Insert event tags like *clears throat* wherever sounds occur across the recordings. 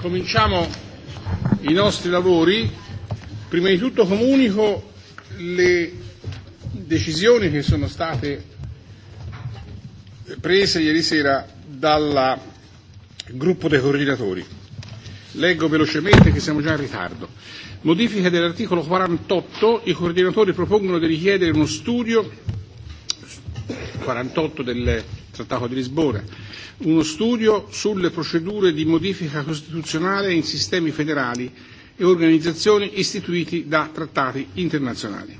cominciamo i nostri lavori. Prima di tutto comunico le decisioni che sono state prese ieri sera dal gruppo dei coordinatori. Leggo velocemente che siamo già in ritardo. Modifica dell'articolo 48, i coordinatori propongono di richiedere uno studio 48 del Trattato di Lisbona, uno studio sulle procedure di modifica costituzionale in sistemi federali e organizzazioni istituiti da trattati internazionali.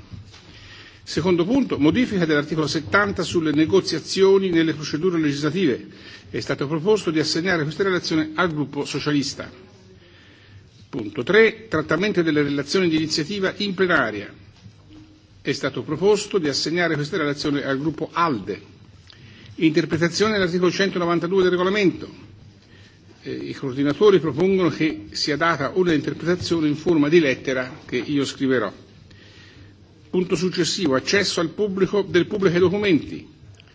Secondo punto, modifica dell'articolo 70 sulle negoziazioni nelle procedure legislative. È stato proposto di assegnare questa relazione al gruppo socialista. Punto 3, trattamento delle relazioni di iniziativa in plenaria. È stato proposto di assegnare questa relazione al gruppo ALDE. Interpretazione dell'articolo 192 del regolamento. Eh, I coordinatori propongono che sia data una interpretazione in forma di lettera che io scriverò. Punto successivo. Accesso al pubblico, del pubblico ai documenti.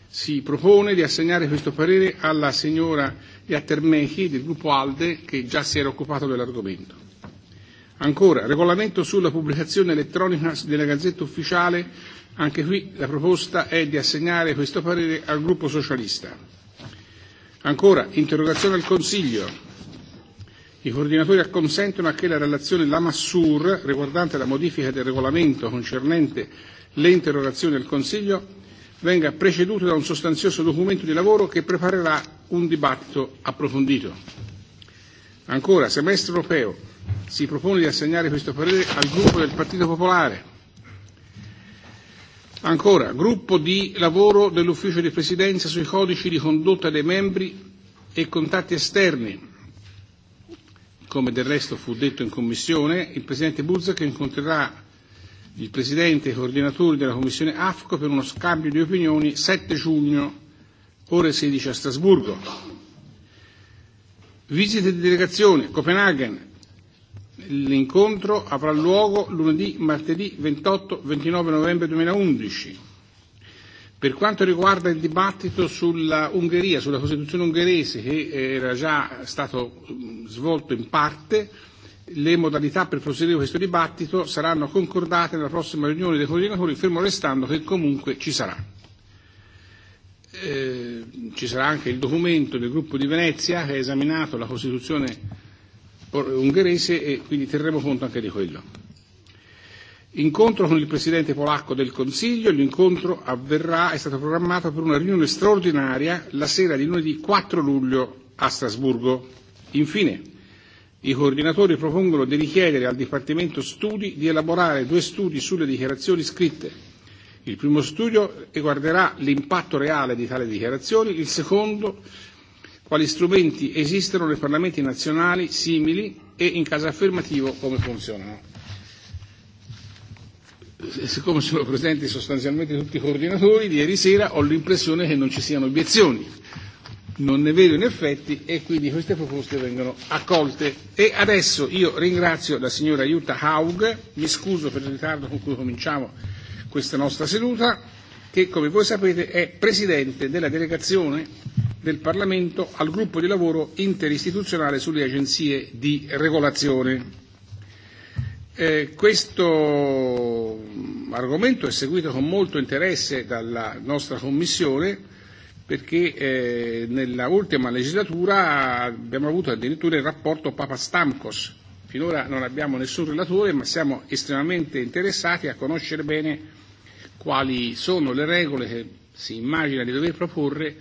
Si propone di assegnare questo parere alla signora Iattermechi del gruppo ALDE che già si era occupato dell'argomento. Ancora, regolamento sulla pubblicazione elettronica della Gazzetta Ufficiale Anche qui la proposta è di assegnare questo parere al gruppo socialista. Ancora, interrogazione al Consiglio. I coordinatori acconsentono a che la relazione Lamassur, riguardante la modifica del regolamento concernente le interrogazioni al Consiglio, venga preceduta da un sostanzioso documento di lavoro che preparerà un dibattito approfondito. Ancora, semestre europeo. Si propone di assegnare questo parere al gruppo del Partito Popolare Ancora, gruppo di lavoro dell'ufficio di presidenza sui codici di condotta dei membri e contatti esterni. Come del resto fu detto in commissione, il presidente Buzek incontrerà il presidente e i coordinatori della commissione AFCO per uno scambio di opinioni 7 giugno, ore 16 a Strasburgo. Visite di delegazione, Copenaghen, L'incontro avrà luogo lunedì, martedì 28, 29 novembre 2011. Per quanto riguarda il dibattito sulla Ungheria, sulla Costituzione ungherese, che eh, era già stato svolto in parte, le modalità per proseguire questo dibattito saranno concordate nella prossima riunione dei coordinatori, fermo restando che comunque ci sarà. Eh, ci sarà anche il documento del gruppo di Venezia che ha esaminato la Costituzione ungherese e eh, quindi terremo conto anche di quello. Incontro con il Presidente polacco del Consiglio, l'incontro avverrà, è stato programmato per una riunione straordinaria la sera di lunedì 4 luglio a Strasburgo. Infine, i coordinatori propongono di richiedere al Dipartimento Studi di elaborare due studi sulle dichiarazioni scritte. Il primo studio riguarderà l'impatto reale di tali dichiarazioni, il secondo quali strumenti esistono nei parlamenti nazionali simili e in caso affermativo come funzionano. E siccome sono presenti sostanzialmente tutti i coordinatori, di ieri sera ho l'impressione che non ci siano obiezioni. Non ne vedo in effetti e quindi queste proposte vengono accolte. E adesso io ringrazio la signora Jutta Haug, mi scuso per il ritardo con cui cominciamo questa nostra seduta, che come voi sapete è presidente della delegazione del Parlamento al gruppo di lavoro interistituzionale sulle agenzie di regolazione. Eh, questo argomento è seguito con molto interesse dalla nostra Commissione perché eh, nella ultima legislatura abbiamo avuto addirittura il rapporto Papastamkos. Finora non abbiamo nessun relatore ma siamo estremamente interessati a conoscere bene quali sono le regole che si immagina di dover proporre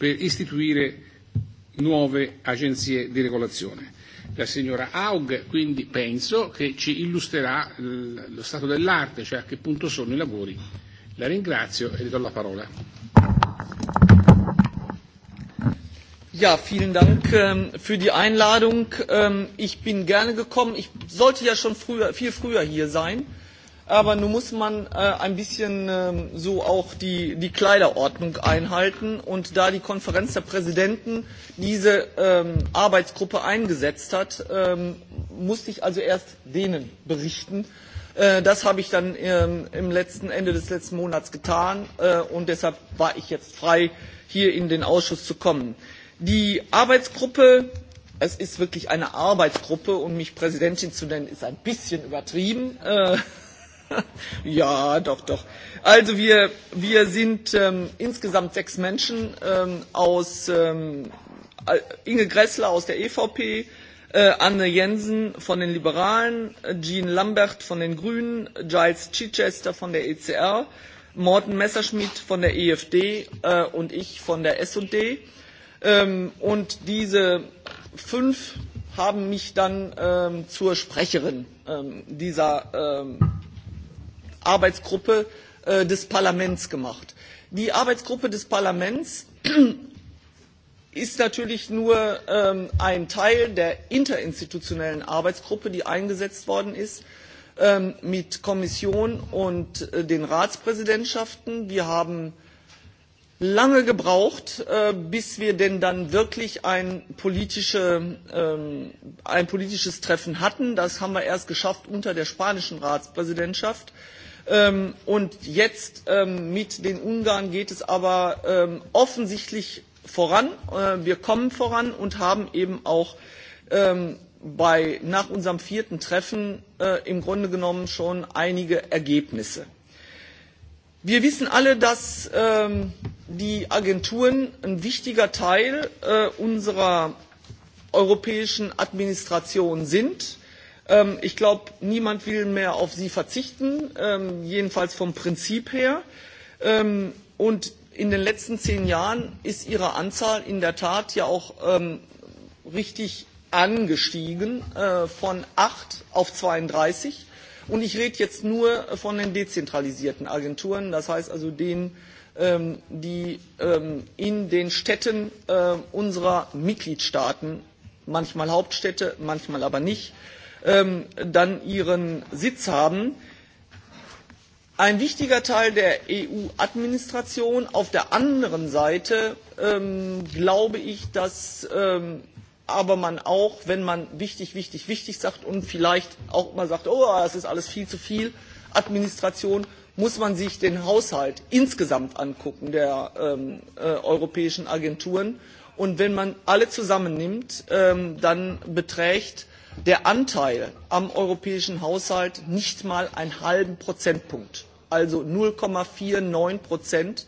per istituire nuove agenzie di regolazione. La signora Haug quindi penso che ci illustrerà lo stato dell'arte, cioè a che punto sono i lavori. La ringrazio e le do la parola. Ja, vielen Dank ähm, für die Einladung. Ähm, ich bin gerne gekommen. Ich sollte ja schon früher, viel früher hier sein aber nun muss man äh, ein bisschen ähm, so auch die, die Kleiderordnung einhalten. Und da die Konferenz der Präsidenten diese ähm, Arbeitsgruppe eingesetzt hat, ähm, musste ich also erst denen berichten. Äh, das habe ich dann ähm, im letzten Ende des letzten Monats getan äh, und deshalb war ich jetzt frei, hier in den Ausschuss zu kommen. Die Arbeitsgruppe es ist wirklich eine Arbeitsgruppe und um mich Präsidentin zu nennen, ist ein bisschen übertrieben. Äh, *laughs* ja, doch, doch. Also wir, wir sind ähm, insgesamt sechs Menschen ähm, aus ähm, Inge Gressler aus der EVP, äh, Anne Jensen von den Liberalen, Jean Lambert von den Grünen, Giles Chichester von der ECR, Morten Messerschmidt von der EFD äh, und ich von der S&D. Ähm, und diese fünf haben mich dann ähm, zur Sprecherin ähm, dieser ähm, Arbeitsgruppe äh, des Parlaments gemacht. Die Arbeitsgruppe des Parlaments *clears throat* ist natürlich nur ähm, ein Teil der interinstitutionellen Arbeitsgruppe, die eingesetzt worden ist ähm, mit Kommission und äh, den Ratspräsidentschaften. Wir haben lange gebraucht, äh, bis wir denn dann wirklich ein, politische, ähm, ein politisches Treffen hatten. Das haben wir erst geschafft unter der spanischen Ratspräsidentschaft. Äh, Ähm, und jetzt ähm, mit den Ungarn geht es aber ähm, offensichtlich voran. Äh, wir kommen voran und haben eben auch ähm, bei, nach unserem vierten Treffen äh, im Grunde genommen schon einige Ergebnisse. Wir wissen alle, dass ähm, die Agenturen ein wichtiger Teil äh, unserer europäischen Administration sind Ähm, ich glaube, niemand will mehr auf sie verzichten, ähm, jedenfalls vom Prinzip her. Ähm, und in den letzten zehn Jahren ist ihre Anzahl in der Tat ja auch ähm, richtig angestiegen äh, von 8 auf 32. Und ich rede jetzt nur von den dezentralisierten Agenturen, das heißt also denen, ähm, die ähm, in den Städten äh, unserer Mitgliedstaaten, manchmal Hauptstädte, manchmal aber nicht, äh, ähm, dann ihren Sitz haben. Ein wichtiger Teil der EU-Administration. Auf der anderen Seite ähm, glaube ich, dass ähm, aber man auch, wenn man wichtig, wichtig, wichtig sagt und vielleicht auch mal sagt, oh, das ist alles viel zu viel Administration, muss man sich den Haushalt insgesamt angucken der ähm, äh, europäischen Agenturen. Und wenn man alle zusammennimmt, ähm, dann beträgt der Anteil am europäischen Haushalt nicht mal einen halben Prozentpunkt, also 0,49 Prozent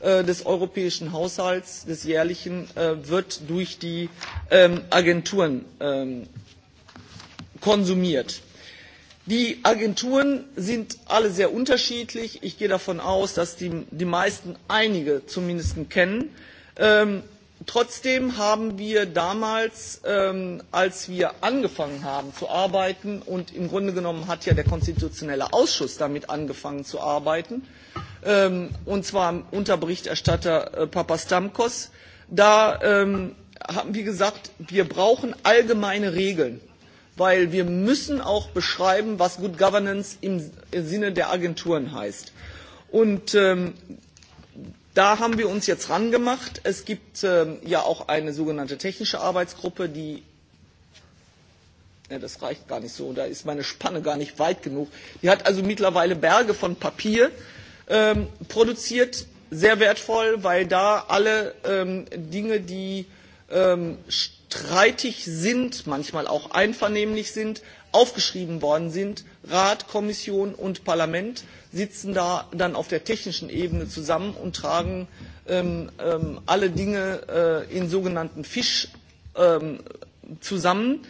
äh, des europäischen Haushalts, des jährlichen, äh, wird durch die ähm, Agenturen ähm, konsumiert. Die Agenturen sind alle sehr unterschiedlich. Ich gehe davon aus, dass die, die meisten einige zumindest kennen. Ähm, Trotzdem haben wir damals, ähm, als wir angefangen haben zu arbeiten, und im Grunde genommen hat ja der Konstitutionelle Ausschuss damit angefangen zu arbeiten, ähm, und zwar unter Berichterstatter äh, Papastamkos, da ähm, haben wir gesagt, wir brauchen allgemeine Regeln, weil wir müssen auch beschreiben, was Good Governance im Sinne der Agenturen heißt. Und ähm, Da haben wir uns jetzt rangemacht. Es gibt ähm, ja auch eine sogenannte technische Arbeitsgruppe, die ja, das reicht gar nicht so, da ist meine Spanne gar nicht weit genug. Die hat also mittlerweile Berge von Papier ähm, produziert, sehr wertvoll, weil da alle ähm, Dinge, die ähm, streitig sind, manchmal auch einvernehmlich sind, aufgeschrieben worden sind Rat, Kommission und Parlament sitzen da dann auf der technischen Ebene zusammen und tragen ähm, ähm, alle Dinge äh, in sogenannten Fisch ähm, zusammen.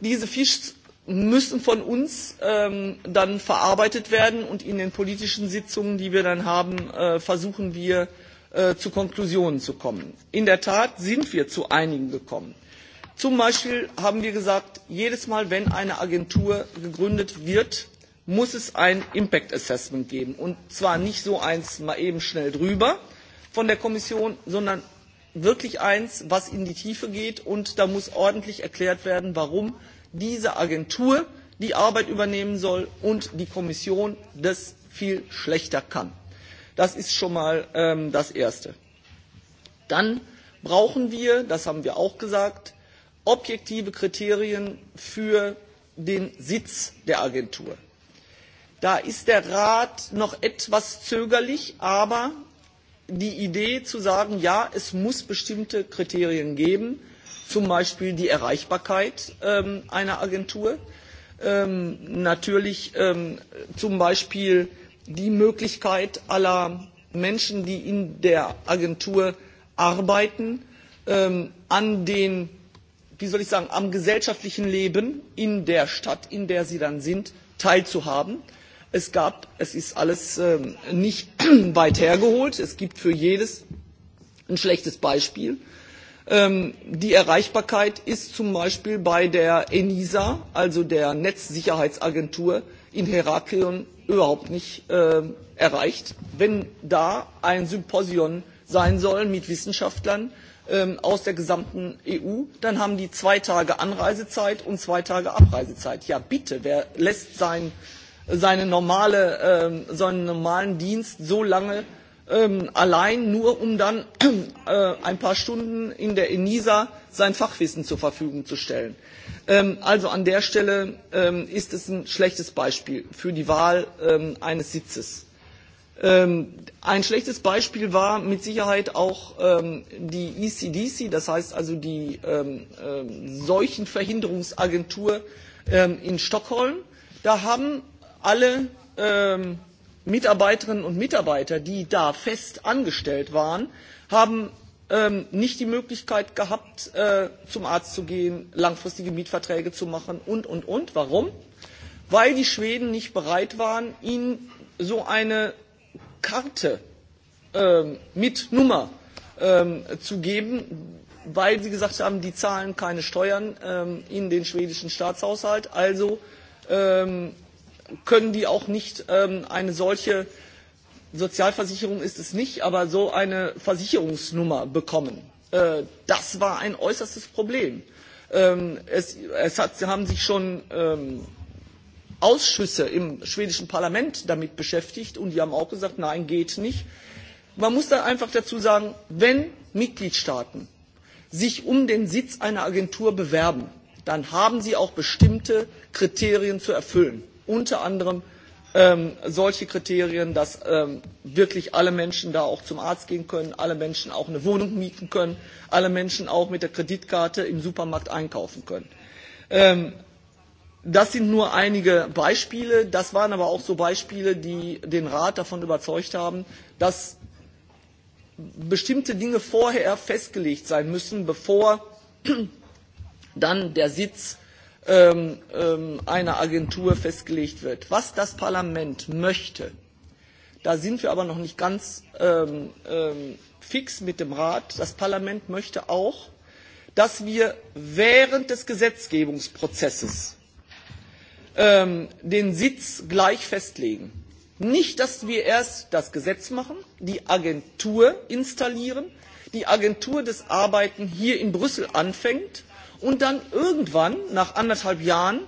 Diese Fischs müssen von uns ähm, dann verarbeitet werden und in den politischen Sitzungen, die wir dann haben, äh, versuchen wir äh, zu Konklusionen zu kommen. In der Tat sind wir zu einigen gekommen. Zum Beispiel haben wir gesagt, jedes Mal, wenn eine Agentur gegründet wird, muss es ein Impact Assessment geben. Und zwar nicht so eins mal eben schnell drüber von der Kommission, sondern wirklich eins, was in die Tiefe geht. Und da muss ordentlich erklärt werden, warum diese Agentur die Arbeit übernehmen soll und die Kommission das viel schlechter kann. Das ist schon mal ähm, das Erste. Dann brauchen wir, das haben wir auch gesagt, objektive Kriterien für den Sitz der Agentur. Da ist der Rat noch etwas zögerlich, aber die Idee zu sagen, ja, es muss bestimmte Kriterien geben, zum Beispiel die Erreichbarkeit ähm, einer Agentur, ähm, natürlich ähm, zum Beispiel die Möglichkeit aller Menschen, die in der Agentur arbeiten, ähm, an den wie soll ich sagen, am gesellschaftlichen Leben in der Stadt, in der sie dann sind, teilzuhaben. Es gab, es ist alles ähm, nicht *clears throat* weit hergeholt. Es gibt für jedes ein schlechtes Beispiel. Ähm, die Erreichbarkeit ist zum Beispiel bei der ENISA, also der Netzsicherheitsagentur in Heraklion, überhaupt nicht äh, erreicht. Wenn da ein Symposion sein soll mit Wissenschaftlern, Ähm, aus der gesamten EU, dann haben die zwei Tage Anreisezeit und zwei Tage Abreisezeit. Ja, bitte, wer lässt sein, seine normale, äh, seinen normalen Dienst so lange ähm, allein, nur um dann *clears throat* äh, ein paar Stunden in der ENISA sein Fachwissen zur Verfügung zu stellen? Ähm, also an der Stelle ähm, ist es ein schlechtes Beispiel für die Wahl ähm, eines Sitzes Ähm, ein schlechtes Beispiel war mit Sicherheit auch ähm, die ECDC, das heißt also die ähm, ähm, Seuchenverhinderungsagentur ähm, in Stockholm. Da haben alle ähm, Mitarbeiterinnen und Mitarbeiter, die da fest angestellt waren, haben ähm, nicht die Möglichkeit gehabt, äh, zum Arzt zu gehen, langfristige Mietverträge zu machen und, und, und. Warum? Weil die Schweden nicht bereit waren, ihnen so eine Karte ähm, mit Nummer ähm, zu geben, weil sie gesagt haben, die zahlen keine Steuern ähm, in den schwedischen Staatshaushalt, also ähm, können die auch nicht ähm, eine solche Sozialversicherung ist es nicht, aber so eine Versicherungsnummer bekommen. Äh, das war ein äußerstes Problem. Ähm, es, es hat, haben sich schon ähm, Ausschüsse im schwedischen Parlament damit beschäftigt und die haben auch gesagt, nein, geht nicht. Man muss da einfach dazu sagen, wenn Mitgliedstaaten sich um den Sitz einer Agentur bewerben, dann haben sie auch bestimmte Kriterien zu erfüllen. Unter anderem ähm, solche Kriterien, dass ähm, wirklich alle Menschen da auch zum Arzt gehen können, alle Menschen auch eine Wohnung mieten können, alle Menschen auch mit der Kreditkarte im Supermarkt einkaufen können. Ähm, Das sind nur einige Beispiele. Das waren aber auch so Beispiele, die den Rat davon überzeugt haben, dass bestimmte Dinge vorher festgelegt sein müssen, bevor *clears throat* dann der Sitz ähm, ähm, einer Agentur festgelegt wird. Was das Parlament möchte, da sind wir aber noch nicht ganz ähm, ähm, fix mit dem Rat. Das Parlament möchte auch, dass wir während des Gesetzgebungsprozesses ähm, den Sitz gleich festlegen. Nicht, dass wir erst das Gesetz machen, die Agentur installieren, die Agentur des Arbeiten hier in Brüssel anfängt und dann irgendwann nach anderthalb Jahren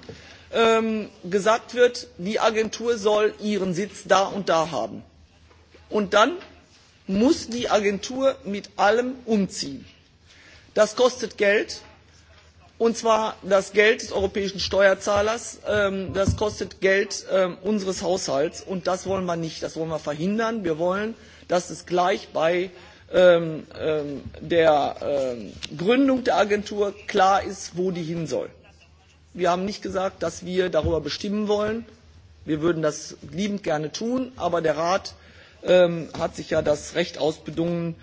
ähm, gesagt wird, die Agentur soll ihren Sitz da und da haben. Und dann muss die Agentur mit allem umziehen. Das kostet Geld, und zwar das Geld des europäischen Steuerzahlers. Ähm, das kostet Geld ähm, unseres Haushalts und das wollen wir nicht. Das wollen wir verhindern. Wir wollen, dass es gleich bei ähm, ähm, der ähm, Gründung der Agentur klar ist, wo die hin soll. Wir haben nicht gesagt, dass wir darüber bestimmen wollen. Wir würden das liebend gerne tun, aber der Rat ähm, hat sich ja das Recht ausbedungen,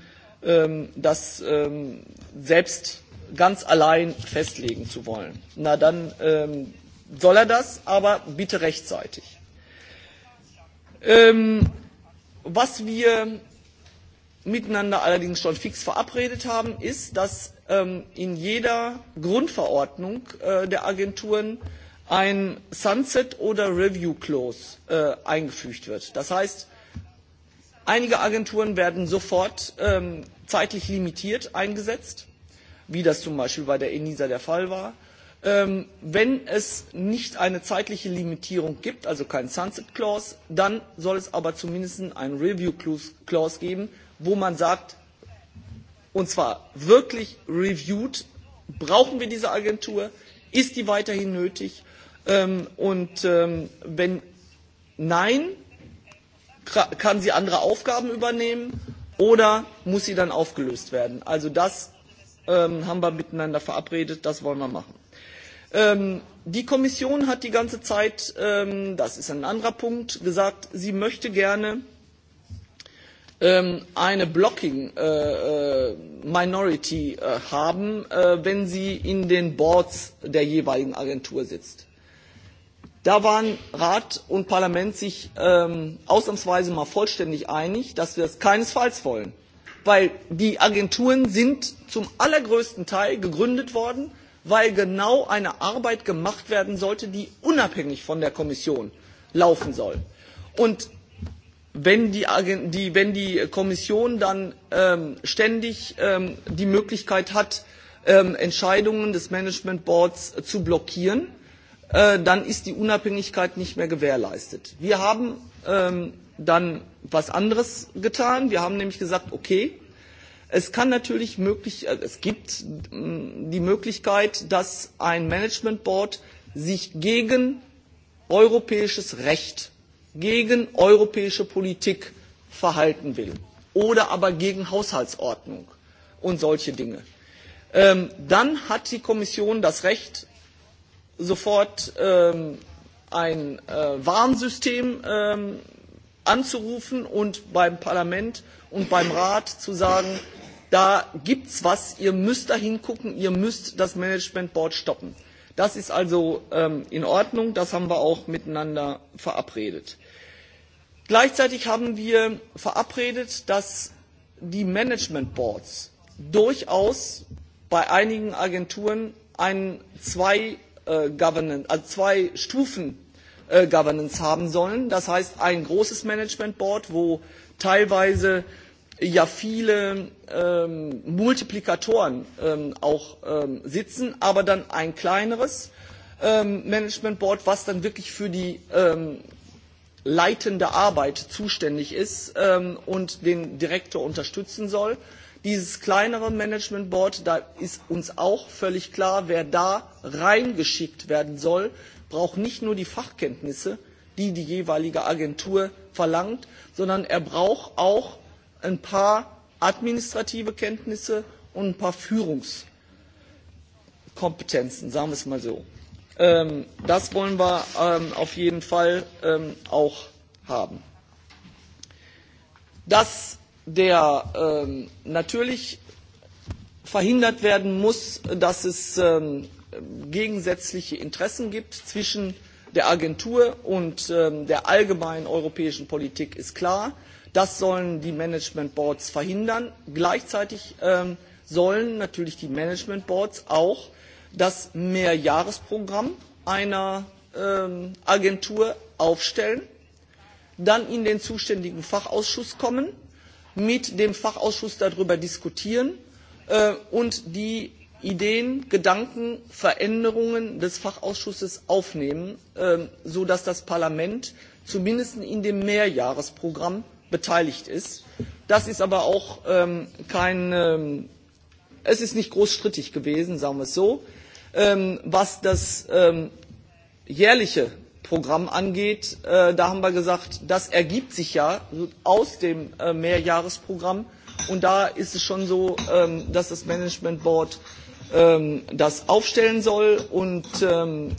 ähm, das ähm, selbst ganz allein festlegen zu wollen. Na dann ähm, soll er das, aber bitte rechtzeitig. Ähm, was wir miteinander allerdings schon fix verabredet haben, ist, dass ähm, in jeder Grundverordnung äh, der Agenturen ein Sunset oder Review Clause äh, eingefügt wird. Das heißt, einige Agenturen werden sofort ähm, zeitlich limitiert eingesetzt wie das zum Beispiel bei der ENISA der Fall war. Ähm, wenn es nicht eine zeitliche Limitierung gibt, also kein Sunset Clause, dann soll es aber zumindest einen Review Clause geben, wo man sagt, und zwar wirklich reviewed, brauchen wir diese Agentur, ist die weiterhin nötig ähm, und ähm, wenn nein, kann sie andere Aufgaben übernehmen oder muss sie dann aufgelöst werden? Also das ähm, haben wir miteinander verabredet, das wollen wir machen. Ähm, die Kommission hat die ganze Zeit, ähm, das ist ein anderer Punkt, gesagt, sie möchte gerne ähm, eine Blocking äh, äh Minority äh, haben, äh, wenn sie in den Boards der jeweiligen Agentur sitzt. Da waren Rat und Parlament sich ähm, ausnahmsweise mal vollständig einig, dass wir es keinesfalls wollen weil die Agenturen sind zum allergrößten Teil gegründet worden, weil genau eine Arbeit gemacht werden sollte, die unabhängig von der Kommission laufen soll. Und wenn die, Agent, die, wenn die Kommission dann ähm, ständig ähm, die Möglichkeit hat, ähm, Entscheidungen des Management Boards zu blockieren, äh, dann ist die Unabhängigkeit nicht mehr gewährleistet. Wir haben ähm, dann was anderes getan. Wir haben nämlich gesagt, okay, es kann natürlich möglich, äh, es gibt mm, die Möglichkeit, dass ein Management Board sich gegen europäisches Recht, gegen europäische Politik verhalten will oder aber gegen Haushaltsordnung und solche Dinge. Ähm, dann hat die Kommission das Recht, sofort ähm, ein äh, Warnsystem ähm, anzurufen und beim Parlament und beim Rat zu sagen, da gibt's was, ihr müsst da hingucken, ihr müsst das Management Board stoppen. Das ist also ähm, in Ordnung, das haben wir auch miteinander verabredet. Gleichzeitig haben wir verabredet, dass die Management Boards durchaus bei einigen Agenturen einen zwei, äh, Governance, also zwei Stufen äh, Governance haben sollen. Das heißt, ein großes Management Board, wo teilweise ja viele ähm, Multiplikatoren ähm, auch ähm, sitzen, aber dann ein kleineres ähm, Management Board, was dann wirklich für die ähm, leitende Arbeit zuständig ist ähm, und den Direktor unterstützen soll. Dieses kleinere Management Board, da ist uns auch völlig klar, wer da reingeschickt werden soll, braucht nicht nur die Fachkenntnisse, die die jeweilige Agentur verlangt, sondern er braucht auch ein paar administrative Kenntnisse und ein paar Führungskompetenzen, sagen wir es mal so. Ähm, das wollen wir ähm, auf jeden Fall ähm, auch haben. Dass der ähm, natürlich verhindert werden muss, dass es ähm, gegensätzliche Interessen gibt zwischen der Agentur und ähm, der allgemeinen europäischen Politik ist klar. Das sollen die Management Boards verhindern. Gleichzeitig ähm, sollen natürlich die Management Boards auch das Mehrjahresprogramm einer ähm, Agentur aufstellen, dann in den zuständigen Fachausschuss kommen, mit dem Fachausschuss darüber diskutieren äh, und die ideen gedanken veränderungen des fachausschusses aufnehmen ähm, sodass das parlament zumindest in dem mehrjahresprogramm beteiligt ist. das ist aber auch ähm, kein ähm, es ist nicht groß strittig gewesen sagen wir es so. was das jährliche programm angeht äh, da haben wir gesagt das ergibt sich ja aus dem äh, mehrjahresprogramm und da ist es schon so dass das management board ähm, das aufstellen soll. Und ähm,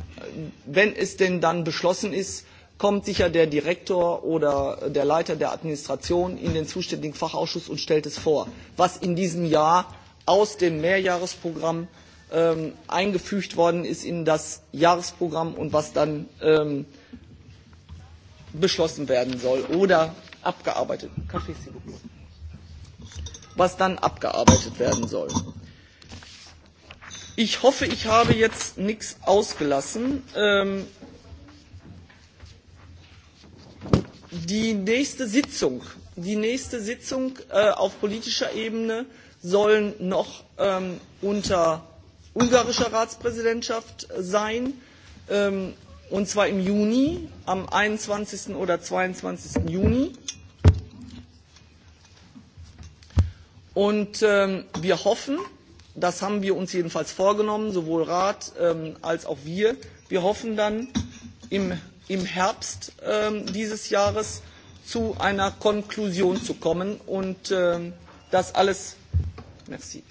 wenn es denn dann beschlossen ist, kommt sicher der Direktor oder der Leiter der Administration in den zuständigen Fachausschuss und stellt es vor, was in diesem Jahr aus dem Mehrjahresprogramm ähm, eingefügt worden ist in das Jahresprogramm und was dann ähm, beschlossen werden soll oder abgearbeitet, was dann abgearbeitet werden soll. Ich hoffe, ich habe jetzt nichts ausgelassen. Ähm, die nächste Sitzung, die nächste Sitzung äh, auf politischer Ebene sollen noch ähm, unter ungarischer Ratspräsidentschaft sein, ähm, und zwar im Juni, am 21. oder 22. Juni. Und ähm, wir hoffen, Das haben wir uns jedenfalls vorgenommen, sowohl Rat ähm, als auch wir. Wir hoffen dann im, im Herbst ähm, dieses Jahres zu einer Konklusion zu kommen und ähm, das alles, merci,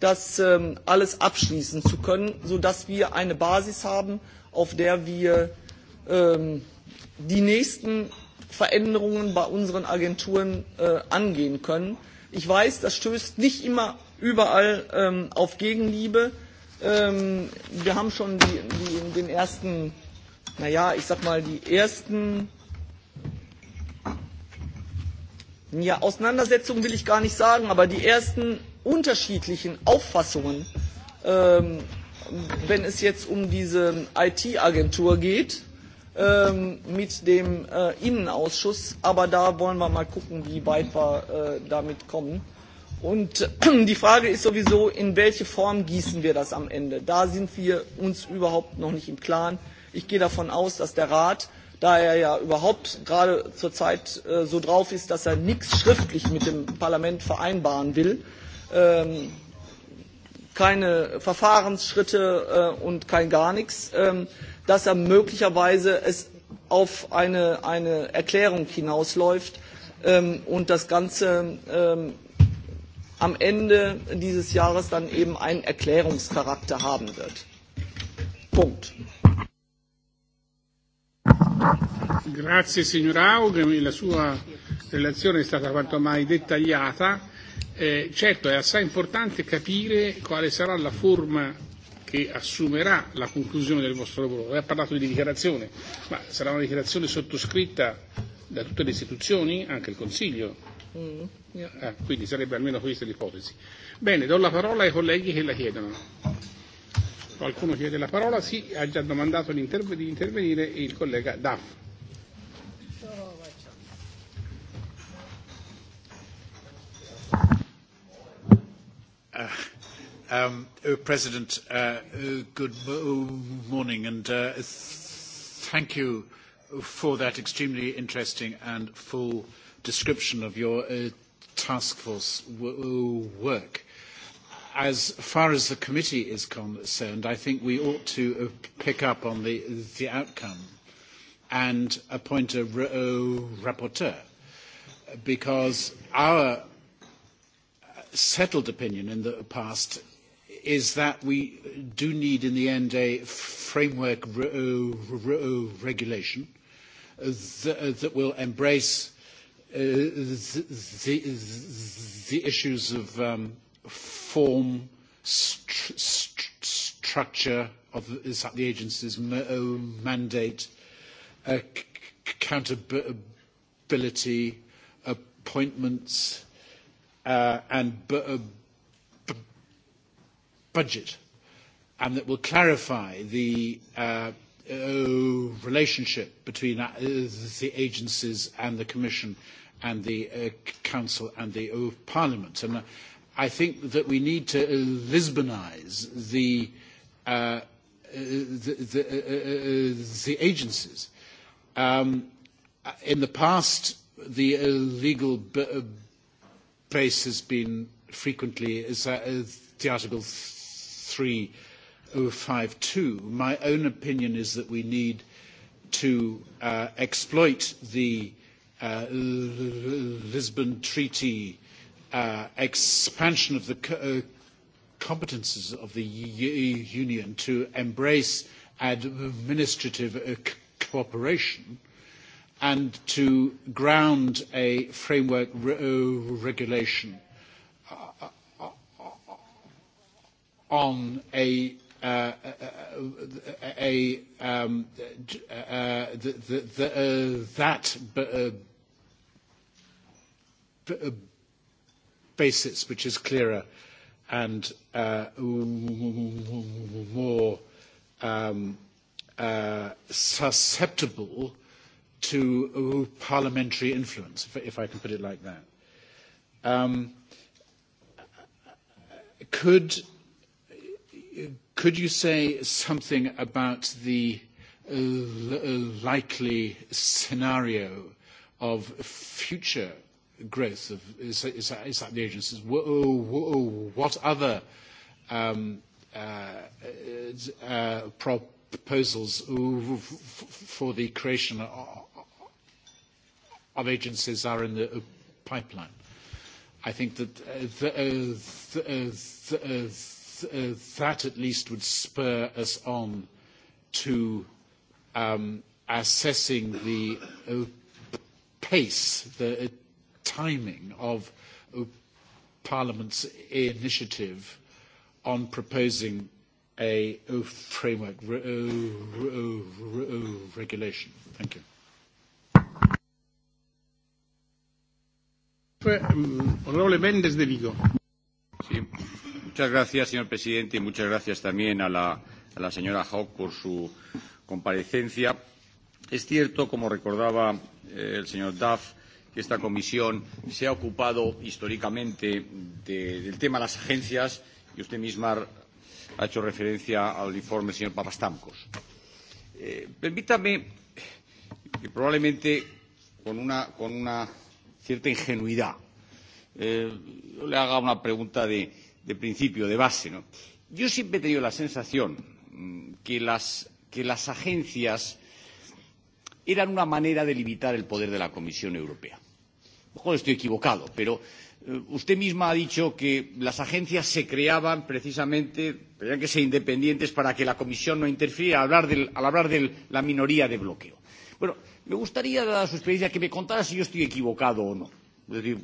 das ähm, alles abschließen zu können, sodass wir eine Basis haben, auf der wir ähm, die nächsten Veränderungen bei unseren Agenturen äh, angehen können. Ich weiß, das stößt nicht immer überall ähm, auf Gegenliebe. Ähm, wir haben schon die, die, den ersten, naja, ich sag mal, die ersten ja, Auseinandersetzungen will ich gar nicht sagen, aber die ersten unterschiedlichen Auffassungen, ähm, wenn es jetzt um diese IT-Agentur geht, ähm, mit dem äh, Innenausschuss. Aber da wollen wir mal gucken, wie weit wir äh, damit kommen. Und *clears throat* die Frage ist sowieso, in welche Form gießen wir das am Ende? Da sind wir uns überhaupt noch nicht im Klaren. Ich gehe davon aus, dass der Rat, da er ja überhaupt gerade zurzeit äh, so drauf ist, dass er nichts schriftlich mit dem Parlament vereinbaren will, ähm, keine Verfahrensschritte äh, und kein gar nichts, ähm, dass er möglicherweise es auf eine, eine Erklärung hinausläuft ähm, und das Ganze ähm, am Ende dieses Jahres dann eben einen Erklärungscharakter haben wird. Punkt. Grazie signor Augem, la sua relazione è stata quanto mai dettagliata. Eh, certo è assai importante capire quale sarà la forma che assumerà la conclusione del vostro lavoro. Lei ha parlato di dichiarazione, ma sarà una dichiarazione sottoscritta da tutte le istituzioni, anche il Consiglio, Mm. Eh, quindi sarebbe almeno questa l'ipotesi. Bene, do la parola ai colleghi che la chiedono. Qualcuno chiede la parola? Sì, ha già domandato di intervenire il collega Daff. Uh, um, oh, President, uh, oh, good oh, morning and uh, th thank you for that extremely interesting and full uh, description of your uh, task force w- uh, work. As far as the committee is concerned, I think we ought to uh, pick up on the, the outcome and appoint a re- uh, rapporteur because our settled opinion in the past is that we do need in the end a framework re- uh, re- uh, regulation that, uh, that will embrace Uh, the, the issues of um, form, st- st- structure of the agency's uh, mandate, uh, accountability, appointments, uh, and bu- uh, bu- budget, and that will clarify the uh, uh, relationship between uh, the agencies and the Commission uh, and the uh, Council and the uh, Parliament. And uh, I think that we need to uh, Lisbonize the, uh, uh, the, the, uh, uh, uh the agencies. Um, in the past, the uh, legal b- uh, base has been frequently is uh, the Article 3052. My own opinion is that we need to uh, exploit the uh, uh, Lisbon Treaty uh, expansion of the co- uh, competences of the Union to embrace administrative uh, cooperation and to ground a framework re- uh, regulation uh, uh, uh on a uh, a, uh, uh, a um, uh, the, the, the, uh, that b- uh, basis which is clearer and uh, more um, uh, susceptible to parliamentary influence, if, if I can put it like that. Um, could could you say something about the uh, likely scenario of future growth of ISAC agencies, what other um, uh, uh, proposals for the creation of agencies are in the uh, pipeline? I think that uh, uh, that at least would spur us on to um, assessing the pace, the timing of Parliament's initiative on proposing a framework regulation? Thank you. Mm, Honorable Méndez de Vigo. Sí. Muchas gracias, señor presidente, y muchas gracias también a la, a la señora Hawk por su comparecencia. Es cierto, como recordaba eh, el señor Duff, que esta comisión se ha ocupado históricamente de, del tema de las agencias y usted misma ha hecho referencia al informe del señor Papastamkos. Eh, permítame que probablemente con una, con una cierta ingenuidad eh, yo le haga una pregunta de, de principio, de base. ¿no? Yo siempre he tenido la sensación mmm, que las, que las agencias eran una manera de limitar el poder de la Comisión Europea. Mejor estoy equivocado, pero eh, usted misma ha dicho que las agencias se creaban precisamente, tenían que ser independientes para que la Comisión no interfiera al hablar de al hablar del, la minoría de bloqueo. Bueno, me gustaría, dada su experiencia, que me contara si yo estoy equivocado o no. Es decir,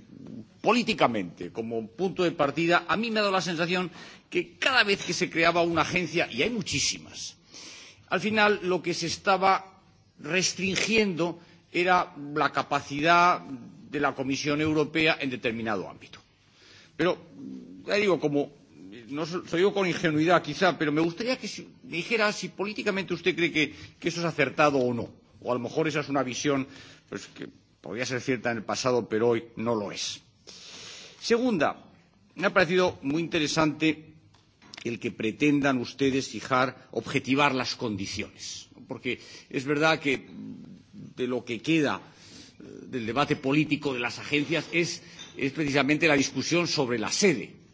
políticamente, como punto de partida, a mí me ha dado la sensación que cada vez que se creaba una agencia, y hay muchísimas, al final lo que se estaba restringiendo era la capacidad de la Comisión Europea en determinado ámbito. Pero, ya digo, como no lo digo con ingenuidad quizá, pero me gustaría que si, me dijera si políticamente usted cree que, que eso es acertado o no. O a lo mejor esa es una visión pues, que podría ser cierta en el pasado, pero hoy no lo es. Segunda, me ha parecido muy interesante el que pretendan ustedes fijar, objetivar las condiciones porque es verdad que de lo que queda eh, del debate político de las agencias es, es precisamente la discusión sobre la sede.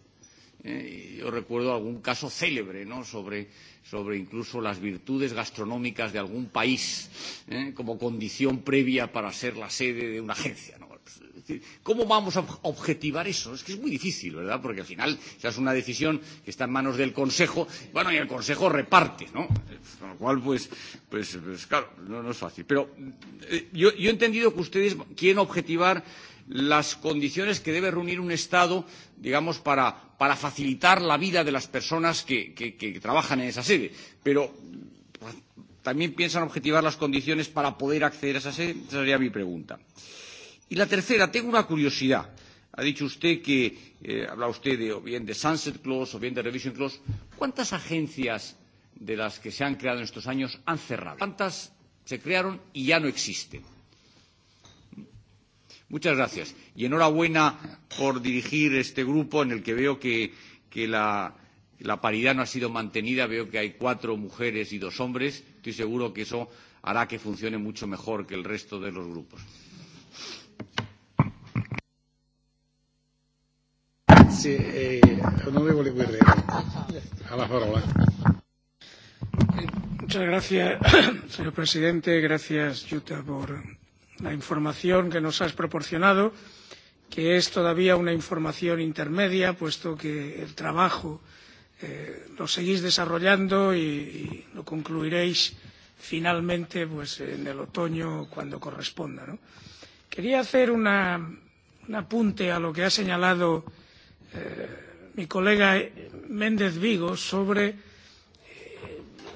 Eh, yo recuerdo algún caso célebre ¿no? sobre, sobre incluso las virtudes gastronómicas de algún país ¿eh? como condición previa para ser la sede de una agencia. ¿no? Es decir, ¿Cómo vamos a objetivar eso? Es que es muy difícil, ¿verdad? Porque al final esa es una decisión que está en manos del Consejo, bueno, y el Consejo reparte, ¿no? Con lo cual, pues, pues, pues claro, no, no es fácil. Pero eh, yo, yo he entendido que ustedes quieren objetivar las condiciones que debe reunir un Estado, digamos, para, para facilitar la vida de las personas que, que, que trabajan en esa sede. Pero también piensan objetivar las condiciones para poder acceder a esa sede. Esa sería mi pregunta. Y la tercera, tengo una curiosidad. Ha dicho usted que, eh, habla usted de, o bien de Sunset Clause o bien de Revision Clause. ¿Cuántas agencias de las que se han creado en estos años han cerrado? ¿Cuántas se crearon y ya no existen? Muchas gracias. Y enhorabuena por dirigir este grupo en el que veo que, que la, la paridad no ha sido mantenida. Veo que hay cuatro mujeres y dos hombres. Estoy seguro que eso hará que funcione mucho mejor que el resto de los grupos. Grazie, eh, onorevole Guerrero. A la parola. Eh, muchas gracias, *coughs* señor presidente. Gracias, Jutta, por la información que nos has proporcionado que es todavía una información intermedia puesto que el trabajo eh, lo seguís desarrollando y, y lo concluiréis finalmente pues, en el otoño cuando corresponda. ¿no? Quería hacer una, un apunte a lo que ha señalado eh, mi colega Méndez Vigo sobre eh,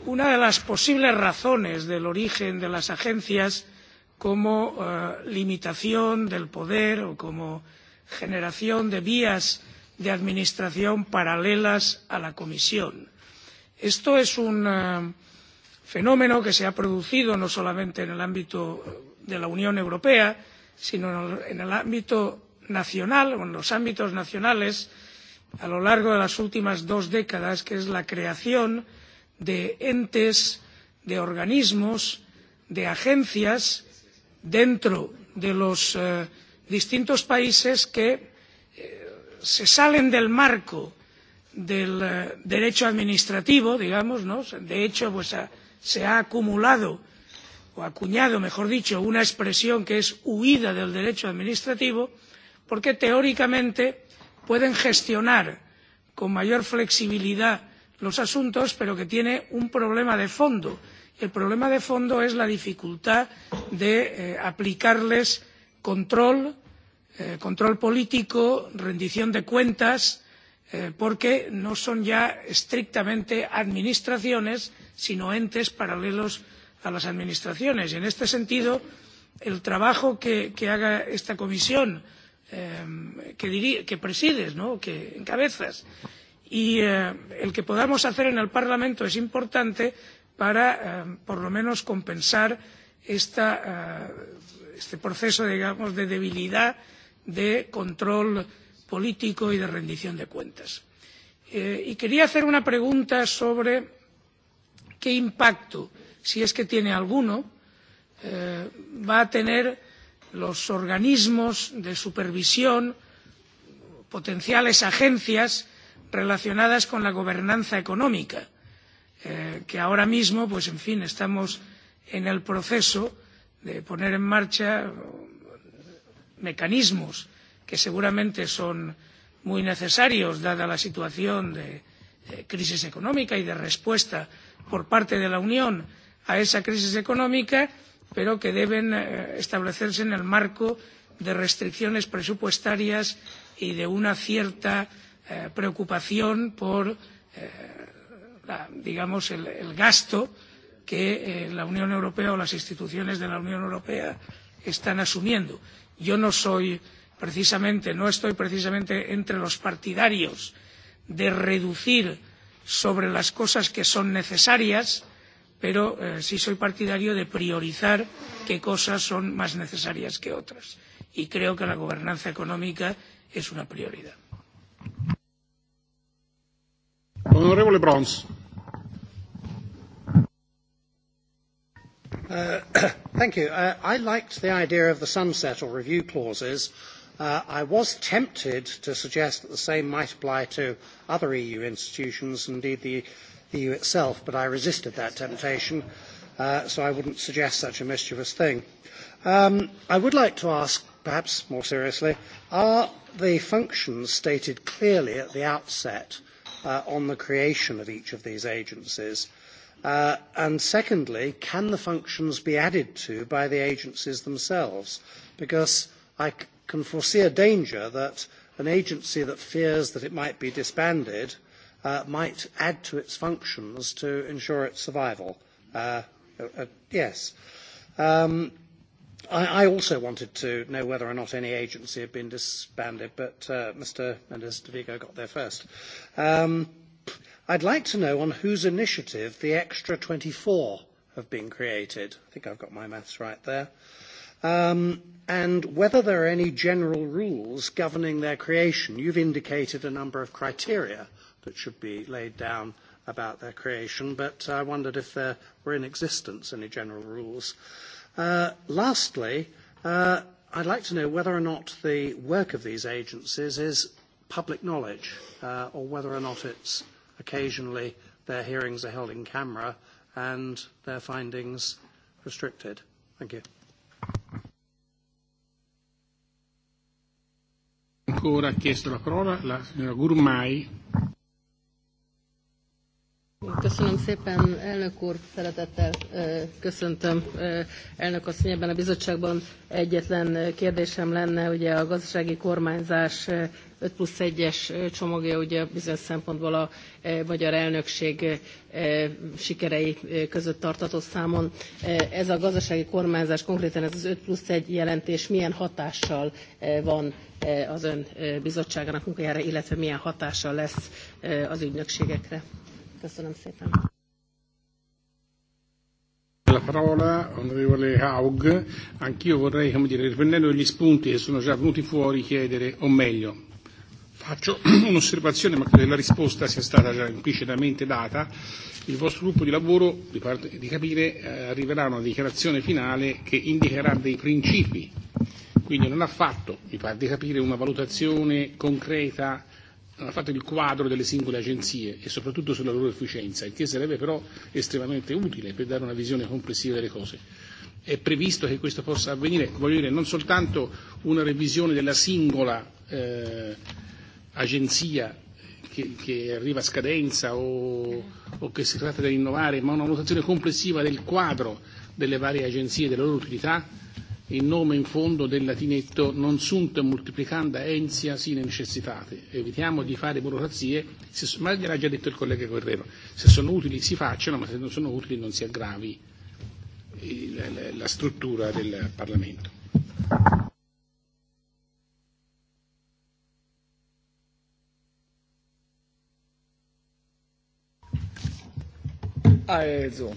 una de las posibles razones del origen de las agencias como eh, limitación del poder o como generación de vías de administración paralelas a la comisión. esto es un eh, fenómeno que se ha producido no solamente en el ámbito de la unión europea sino en el ámbito nacional o en los ámbitos nacionales a lo largo de las últimas dos décadas que es la creación de entes de organismos de agencias dentro de los eh, distintos países que eh, se salen del marco del eh, derecho administrativo digamos ¿no? de hecho pues, a, se ha acumulado o acuñado mejor dicho una expresión que es huida del derecho administrativo porque teóricamente pueden gestionar con mayor flexibilidad los asuntos pero que tiene un problema de fondo el problema de fondo es la dificultad de eh, aplicarles control eh, control político rendición de cuentas eh, porque no son ya estrictamente administraciones sino entes paralelos a las administraciones y en este sentido el trabajo que, que haga esta comisión eh, que, diri que presides ¿no? que encabezas y eh, el que podamos hacer en el parlamento es importante para eh, por lo menos compensar esta, eh, este proceso digamos de debilidad de control político y de rendición de cuentas. Eh, y quería hacer una pregunta sobre qué impacto si es que tiene alguno eh, va a tener los organismos de supervisión potenciales agencias relacionadas con la gobernanza económica eh, que ahora mismo pues en fin estamos en el proceso de poner en marcha mecanismos que seguramente son muy necesarios dada la situación de, de crisis económica y de respuesta por parte de la unión a esa crisis económica pero que deben eh, establecerse en el marco de restricciones presupuestarias y de una cierta eh, preocupación por eh, la, digamos, el, el gasto que eh, la Unión Europea o las instituciones de la Unión Europea están asumiendo. Yo no soy precisamente, no estoy precisamente entre los partidarios de reducir sobre las cosas que son necesarias, pero eh, sí soy partidario de priorizar qué cosas son más necesarias que otras. Y creo que la gobernanza económica es una prioridad. Onorevole Brons. Uh, *coughs* thank you. Uh, I liked the idea of the sunset or review clauses. Uh, I was tempted to suggest that the same might apply to other EU institutions, indeed the, the EU itself, but I resisted that temptation, uh, so I wouldn't suggest such a mischievous thing. Um, I would like to ask, perhaps more seriously, are the functions stated clearly at the outset uh, on the creation of each of these agencies? Uh, and secondly, can the functions be added to by the agencies themselves? Because I c- can foresee a danger that an agency that fears that it might be disbanded uh, might add to its functions to ensure its survival. Uh, uh, uh yes. Um, I, I also wanted to know whether or not any agency had been disbanded, but uh, Mr. Mendes de Vigo got there first. Um, I'd like to know on whose initiative the extra 24 have been created. I think I've got my maths right there. Um, and whether there are any general rules governing their creation. You've indicated a number of criteria that should be laid down about their creation, but I wondered if there were in existence any general rules. Uh, Uh, lastly, uh, I'd like to know whether or not the work of these agencies is public knowledge, uh, or whether or not it's occasionally their hearings are held in camera and their findings restricted. Thank you. Ancora ha chiesto la parola la signora Gurmai. Köszönöm szépen, elnök úr, szeretettel köszöntöm elnök asszony ebben a bizottságban. Egyetlen kérdésem lenne, ugye a gazdasági kormányzás 5 plusz 1-es csomagja ugye bizonyos szempontból a magyar elnökség sikerei között tartató számon. Ez a gazdasági kormányzás, konkrétan ez az 5 plusz 1 jelentés milyen hatással van az ön bizottságának munkájára, illetve milyen hatással lesz az ügynökségekre? Köszönöm szépen. La parola, onorevole Haug. Anch'io vorrei, come dire, riprendendo gli spunti che sono già venuti fuori, chiedere, o meglio, faccio *clears throat* un'osservazione, ma credo che la risposta sia stata già implicitamente data. Il vostro gruppo di lavoro, di, parte, di capire, eh, arriverà a una dichiarazione finale che indicherà dei principi. Quindi non ha fatto, mi pare di capire, una valutazione concreta non ha fatto il quadro delle singole agenzie e soprattutto sulla loro efficienza, il che sarebbe però estremamente utile per dare una visione complessiva delle cose. È previsto che questo possa avvenire, voglio dire, non soltanto una revisione della singola eh, agenzia che, che arriva a scadenza o, o che si tratta di rinnovare, ma una valutazione complessiva del quadro delle varie agenzie e della loro utilità in nome in fondo del latinetto non sunt multiplicanda ensia sine necessitate. Evitiamo di fare burocrazie, se, ma gliel'ha già detto il collega Guerrero, se sono utili si facciano, ma se non sono utili non si aggravi il, la struttura del Parlamento. Also,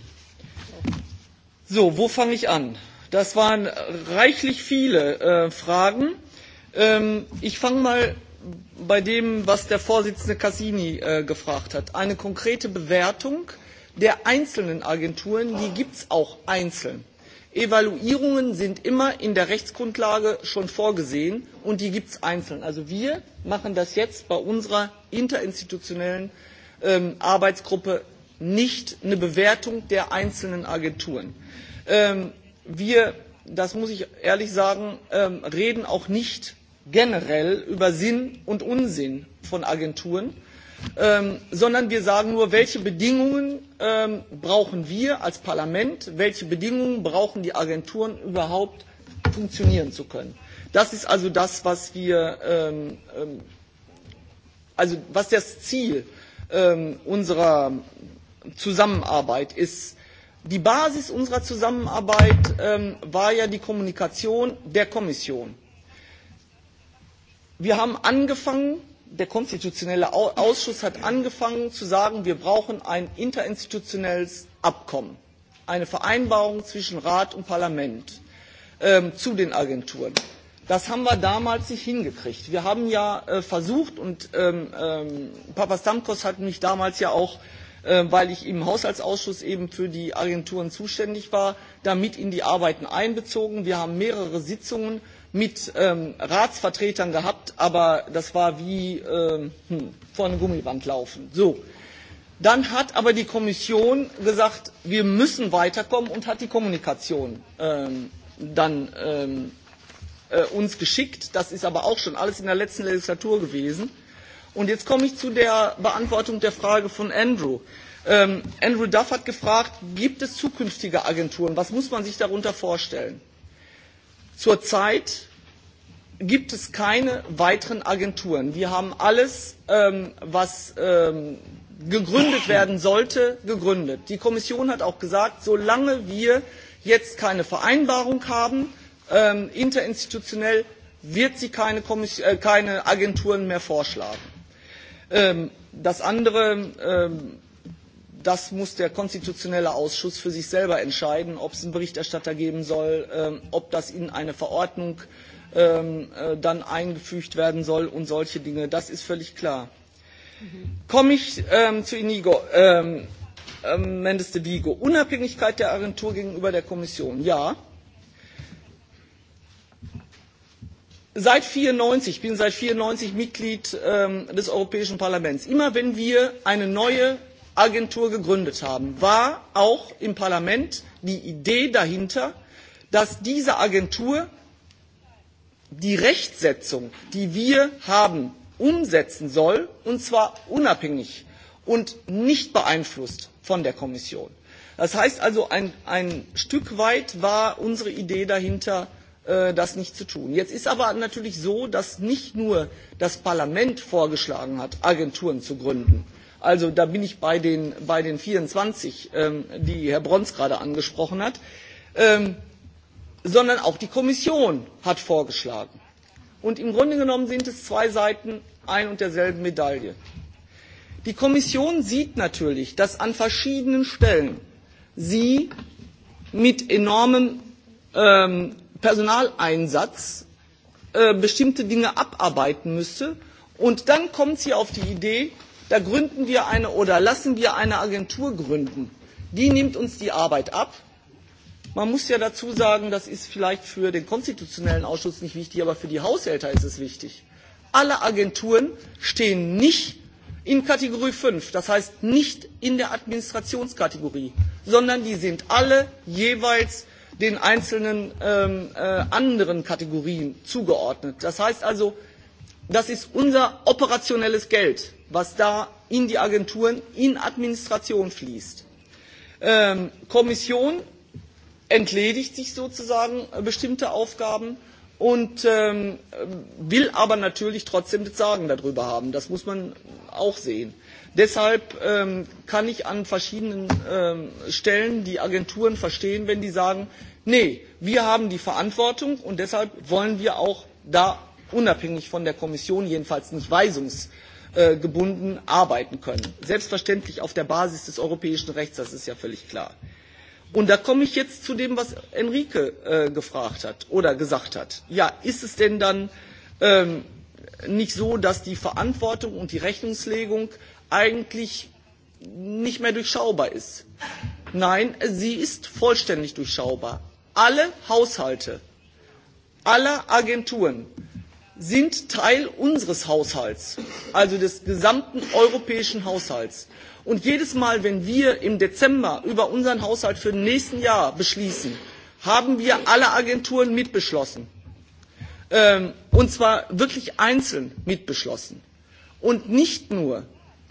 so, wo fange ich an? Das waren reichlich viele äh, Fragen. Ähm, ich fange mal bei dem, was der Vorsitzende Cassini äh, gefragt hat. Eine konkrete Bewertung der einzelnen Agenturen, die gibt es auch einzeln. Evaluierungen sind immer in der Rechtsgrundlage schon vorgesehen und die gibt es einzeln. Also wir machen das jetzt bei unserer interinstitutionellen ähm, Arbeitsgruppe nicht eine Bewertung der einzelnen Agenturen. Ähm, wir das muss ich ehrlich sagen ähm, reden auch nicht generell über sinn und unsinn von agenturen ähm, sondern wir sagen nur welche bedingungen ähm, brauchen wir als parlament welche bedingungen brauchen die agenturen überhaupt um funktionieren zu können? das ist also das was wir also was das ziel unserer zusammenarbeit ist die basis unserer zusammenarbeit ähm, war ja die kommunikation der kommission. wir haben angefangen der konstitutionelle ausschuss hat angefangen zu sagen wir brauchen ein interinstitutionelles abkommen eine vereinbarung zwischen rat und parlament ähm, zu den agenturen. Das haben wir damals nicht hingekriegt. Wir haben ja äh, versucht, und ähm, ähm, Papastamkos hat mich damals ja auch Äh, weil ich im Haushaltsausschuss eben für die Agenturen zuständig war, damit in die Arbeiten einbezogen. Wir haben mehrere Sitzungen mit ähm, Ratsvertretern gehabt, aber das war wie ähm, hm, vor einer Gummiband laufen. So. Dann hat aber die Kommission gesagt, wir müssen weiterkommen und hat die Kommunikation ähm, dann ähm, äh, uns geschickt. Das ist aber auch schon alles in der letzten Legislatur gewesen. Und jetzt komme ich zu der Beantwortung der Frage von Andrew. Ähm, Andrew Duff hat gefragt, gibt es zukünftige Agenturen? Was muss man sich darunter vorstellen? Zurzeit gibt es keine weiteren Agenturen. Wir haben alles, ähm, was ähm, gegründet werden sollte, gegründet. Die Kommission hat auch gesagt, solange wir jetzt keine Vereinbarung haben, ähm, interinstitutionell, wird sie keine, Kommission, äh, keine Agenturen mehr vorschlagen. Ähm, das andere, ähm, das muss der konstitutionelle Ausschuss für sich selber entscheiden, ob es einen Berichterstatter geben soll, ähm, ob das in eine Verordnung ähm, äh, dann eingefügt werden soll und solche Dinge. Das ist völlig klar. Mhm. Komme ich ähm, zu Inigo. Ähm, ähm, Mendes de Vigo. Unabhängigkeit der Agentur gegenüber der Kommission. Ja, seit 94, ich bin seit 94 Mitglied ähm, des Europäischen Parlaments. Immer wenn wir eine neue Agentur gegründet haben, war auch im Parlament die Idee dahinter, dass diese Agentur die Rechtsetzung, die wir haben, umsetzen soll, und zwar unabhängig und nicht beeinflusst von der Kommission. Das heißt also, ein, ein Stück weit war unsere Idee dahinter, Äh, das nicht zu tun. Jetzt ist aber natürlich so, dass nicht nur das Parlament vorgeschlagen hat, Agenturen zu gründen. Also da bin ich bei den, bei den 24, ähm, die Herr Brons gerade angesprochen hat, ähm, sondern auch die Kommission hat vorgeschlagen. Und im Grunde genommen sind es zwei Seiten ein und derselben Medaille. Die Kommission sieht natürlich, dass an verschiedenen Stellen sie mit enormem ähm, Personaleinsatz äh, bestimmte Dinge abarbeiten müsste. Und dann kommt sie auf die Idee, da gründen wir eine oder lassen wir eine Agentur gründen. Die nimmt uns die Arbeit ab. Man muss ja dazu sagen, das ist vielleicht für den konstitutionellen Ausschuss nicht wichtig, aber für die Haushälter ist es wichtig. Alle Agenturen stehen nicht in Kategorie 5, das heißt nicht in der Administrationskategorie, sondern die sind alle jeweils den einzelnen ähm, äh, anderen Kategorien zugeordnet. Das heißt also, das ist unser operationelles Geld, was da in die Agenturen, in Administration fließt. Ähm, Kommission entledigt sich sozusagen äh, bestimmte Aufgaben und ähm, will aber natürlich trotzdem das Sagen darüber haben. Das muss man auch sehen. Deshalb ähm, kann ich an verschiedenen ähm, Stellen die Agenturen verstehen, wenn die sagen, Nee, wir haben die Verantwortung und deshalb wollen wir auch da unabhängig von der Kommission, jedenfalls nicht weisungsgebunden, arbeiten können. Selbstverständlich auf der Basis des europäischen Rechts, das ist ja völlig klar. Und da komme ich jetzt zu dem, was Enrique äh, gefragt hat oder gesagt hat. Ja, ist es denn dann ähm, nicht so, dass die Verantwortung und die Rechnungslegung eigentlich nicht mehr durchschaubar ist? Nein, sie ist vollständig durchschaubar. Alle Haushalte, alle Agenturen sind Teil unseres Haushalts, also des gesamten europäischen Haushalts. Und jedes Mal, wenn wir im Dezember über unseren Haushalt für den nächsten Jahr beschließen, haben wir alle Agenturen mitbeschlossen. Ähm, und zwar wirklich einzeln mitbeschlossen. Und nicht nur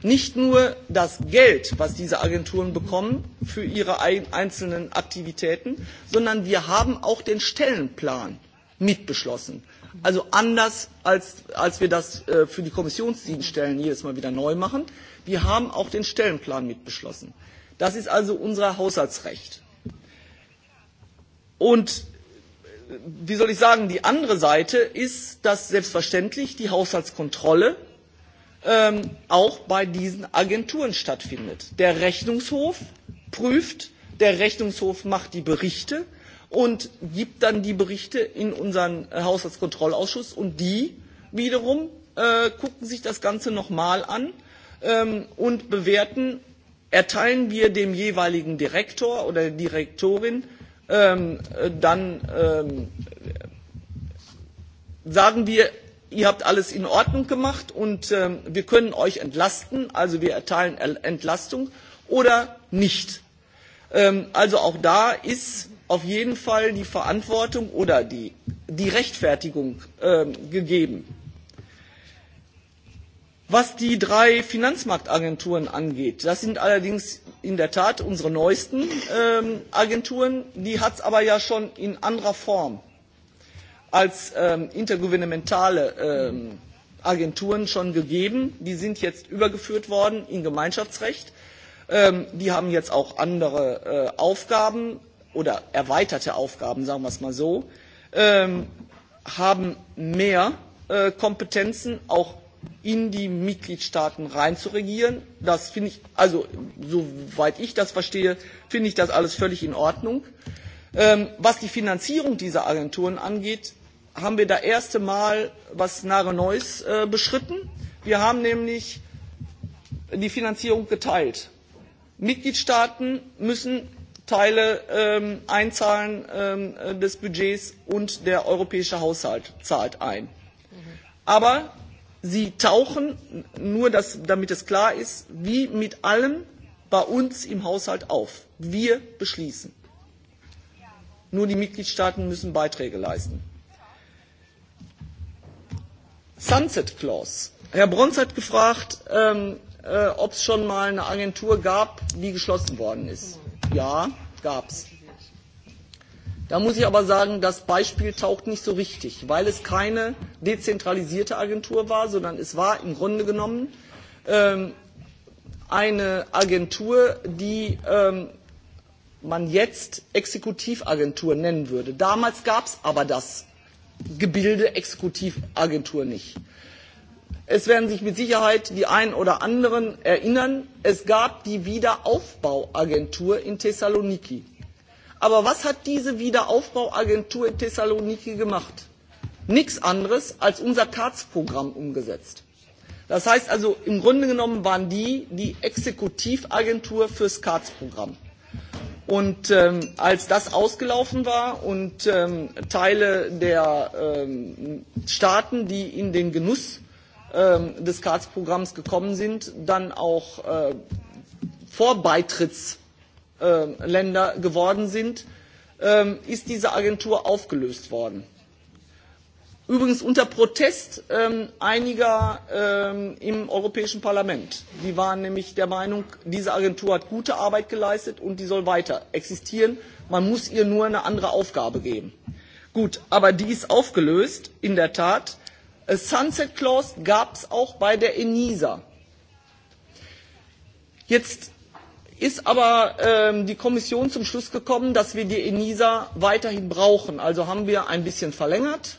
nicht nur das Geld, was diese Agenturen bekommen für ihre einzelnen Aktivitäten, sondern wir haben auch den Stellenplan mitbeschlossen. Also anders, als, als wir das äh, für die Kommissionsdienststellen jedes Mal wieder neu machen. Wir haben auch den Stellenplan mitbeschlossen. Das ist also unser Haushaltsrecht. Und äh, wie soll ich sagen, die andere Seite ist, dass selbstverständlich die Haushaltskontrolle ähm, auch bei diesen Agenturen stattfindet. Der Rechnungshof prüft, der Rechnungshof macht die Berichte und gibt dann die Berichte in unseren äh, Haushaltskontrollausschuss und die wiederum äh, gucken sich das Ganze nochmal an ähm, und bewerten, erteilen wir dem jeweiligen Direktor oder der Direktorin ähm, äh, dann ähm, sagen wir, ihr habt alles in Ordnung gemacht und ähm, wir können euch entlasten, also wir erteilen Entlastung oder nicht. Ähm, also auch da ist auf jeden Fall die Verantwortung oder die, die Rechtfertigung ähm, gegeben. Was die drei Finanzmarktagenturen angeht, das sind allerdings in der Tat unsere neuesten ähm, Agenturen, die hat es aber ja schon in anderer Form als ähm, intergouvernementale ähm, Agenturen schon gegeben. Die sind jetzt übergeführt worden in Gemeinschaftsrecht. Ähm, die haben jetzt auch andere äh, Aufgaben oder erweiterte Aufgaben, sagen wir es mal so, ähm, haben mehr äh, Kompetenzen, auch in die Mitgliedstaaten reinzuregieren. Das finde ich, also soweit ich das verstehe, finde ich das alles völlig in Ordnung. Ähm, was die Finanzierung dieser Agenturen angeht, haben wir das erste Mal was Nare Neues äh, beschritten. Wir haben nämlich die Finanzierung geteilt. Mitgliedstaaten müssen Teile ähm, einzahlen ähm, des Budgets und der europäische Haushalt zahlt ein. Aber sie tauchen, nur das, damit es klar ist, wie mit allem bei uns im Haushalt auf. Wir beschließen. Nur die Mitgliedstaaten müssen Beiträge leisten. Sunset Clause. Herr Brons hat gefragt, ähm, äh, ob es schon mal eine Agentur gab, die geschlossen worden ist. Ja, gab es. Da muss ich aber sagen, das Beispiel taucht nicht so richtig, weil es keine dezentralisierte Agentur war, sondern es war im Grunde genommen ähm, eine Agentur, die ähm, man jetzt Exekutivagentur nennen würde. Damals gab es aber das Gebilde Exekutivagentur nicht. Es werden sich mit Sicherheit die einen oder anderen erinnern, es gab die Wiederaufbauagentur in Thessaloniki. Aber was hat diese Wiederaufbauagentur in Thessaloniki gemacht? Nichts anderes als unser TARS-Programm umgesetzt. Das heißt also, im Grunde genommen waren die die Exekutivagentur fürs CARTS-Programm. Und ähm, als das ausgelaufen war und ähm, Teile der ähm, Staaten, die in den Genuss ähm, des CARDS-Programms gekommen sind, dann auch äh, Vorbeitrittsländer äh, geworden sind, ähm, ist diese Agentur aufgelöst worden übrigens unter Protest ähm, einiger ähm, im Europäischen Parlament. Die waren nämlich der Meinung, diese Agentur hat gute Arbeit geleistet und die soll weiter existieren. Man muss ihr nur eine andere Aufgabe geben. Gut, aber die ist aufgelöst, in der Tat. A äh, Sunset Clause gab es auch bei der ENISA. Jetzt ist aber ähm, die Kommission zum Schluss gekommen, dass wir die ENISA weiterhin brauchen. Also haben wir ein bisschen verlängert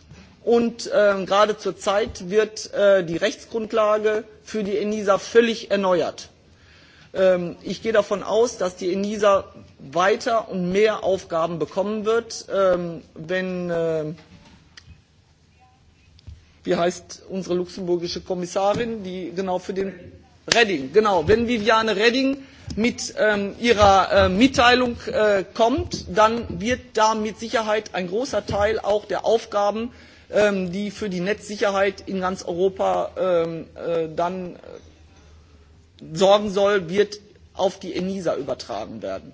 Und ähm, gerade zurzeit wird äh, die Rechtsgrundlage für die ENISA völlig erneuert. Ähm, ich gehe davon aus, dass die ENISA weiter und mehr Aufgaben bekommen wird, ähm, wenn äh, wie heißt unsere luxemburgische Kommissarin, die genau für den Redding, genau, wenn Viviane Redding mit ähm, ihrer äh, Mitteilung äh, kommt, dann wird da mit Sicherheit ein großer Teil auch der Aufgaben ähm, die für die Netzsicherheit in ganz Europa ähm, äh, dann äh, sorgen soll, wird auf die ENISA übertragen werden.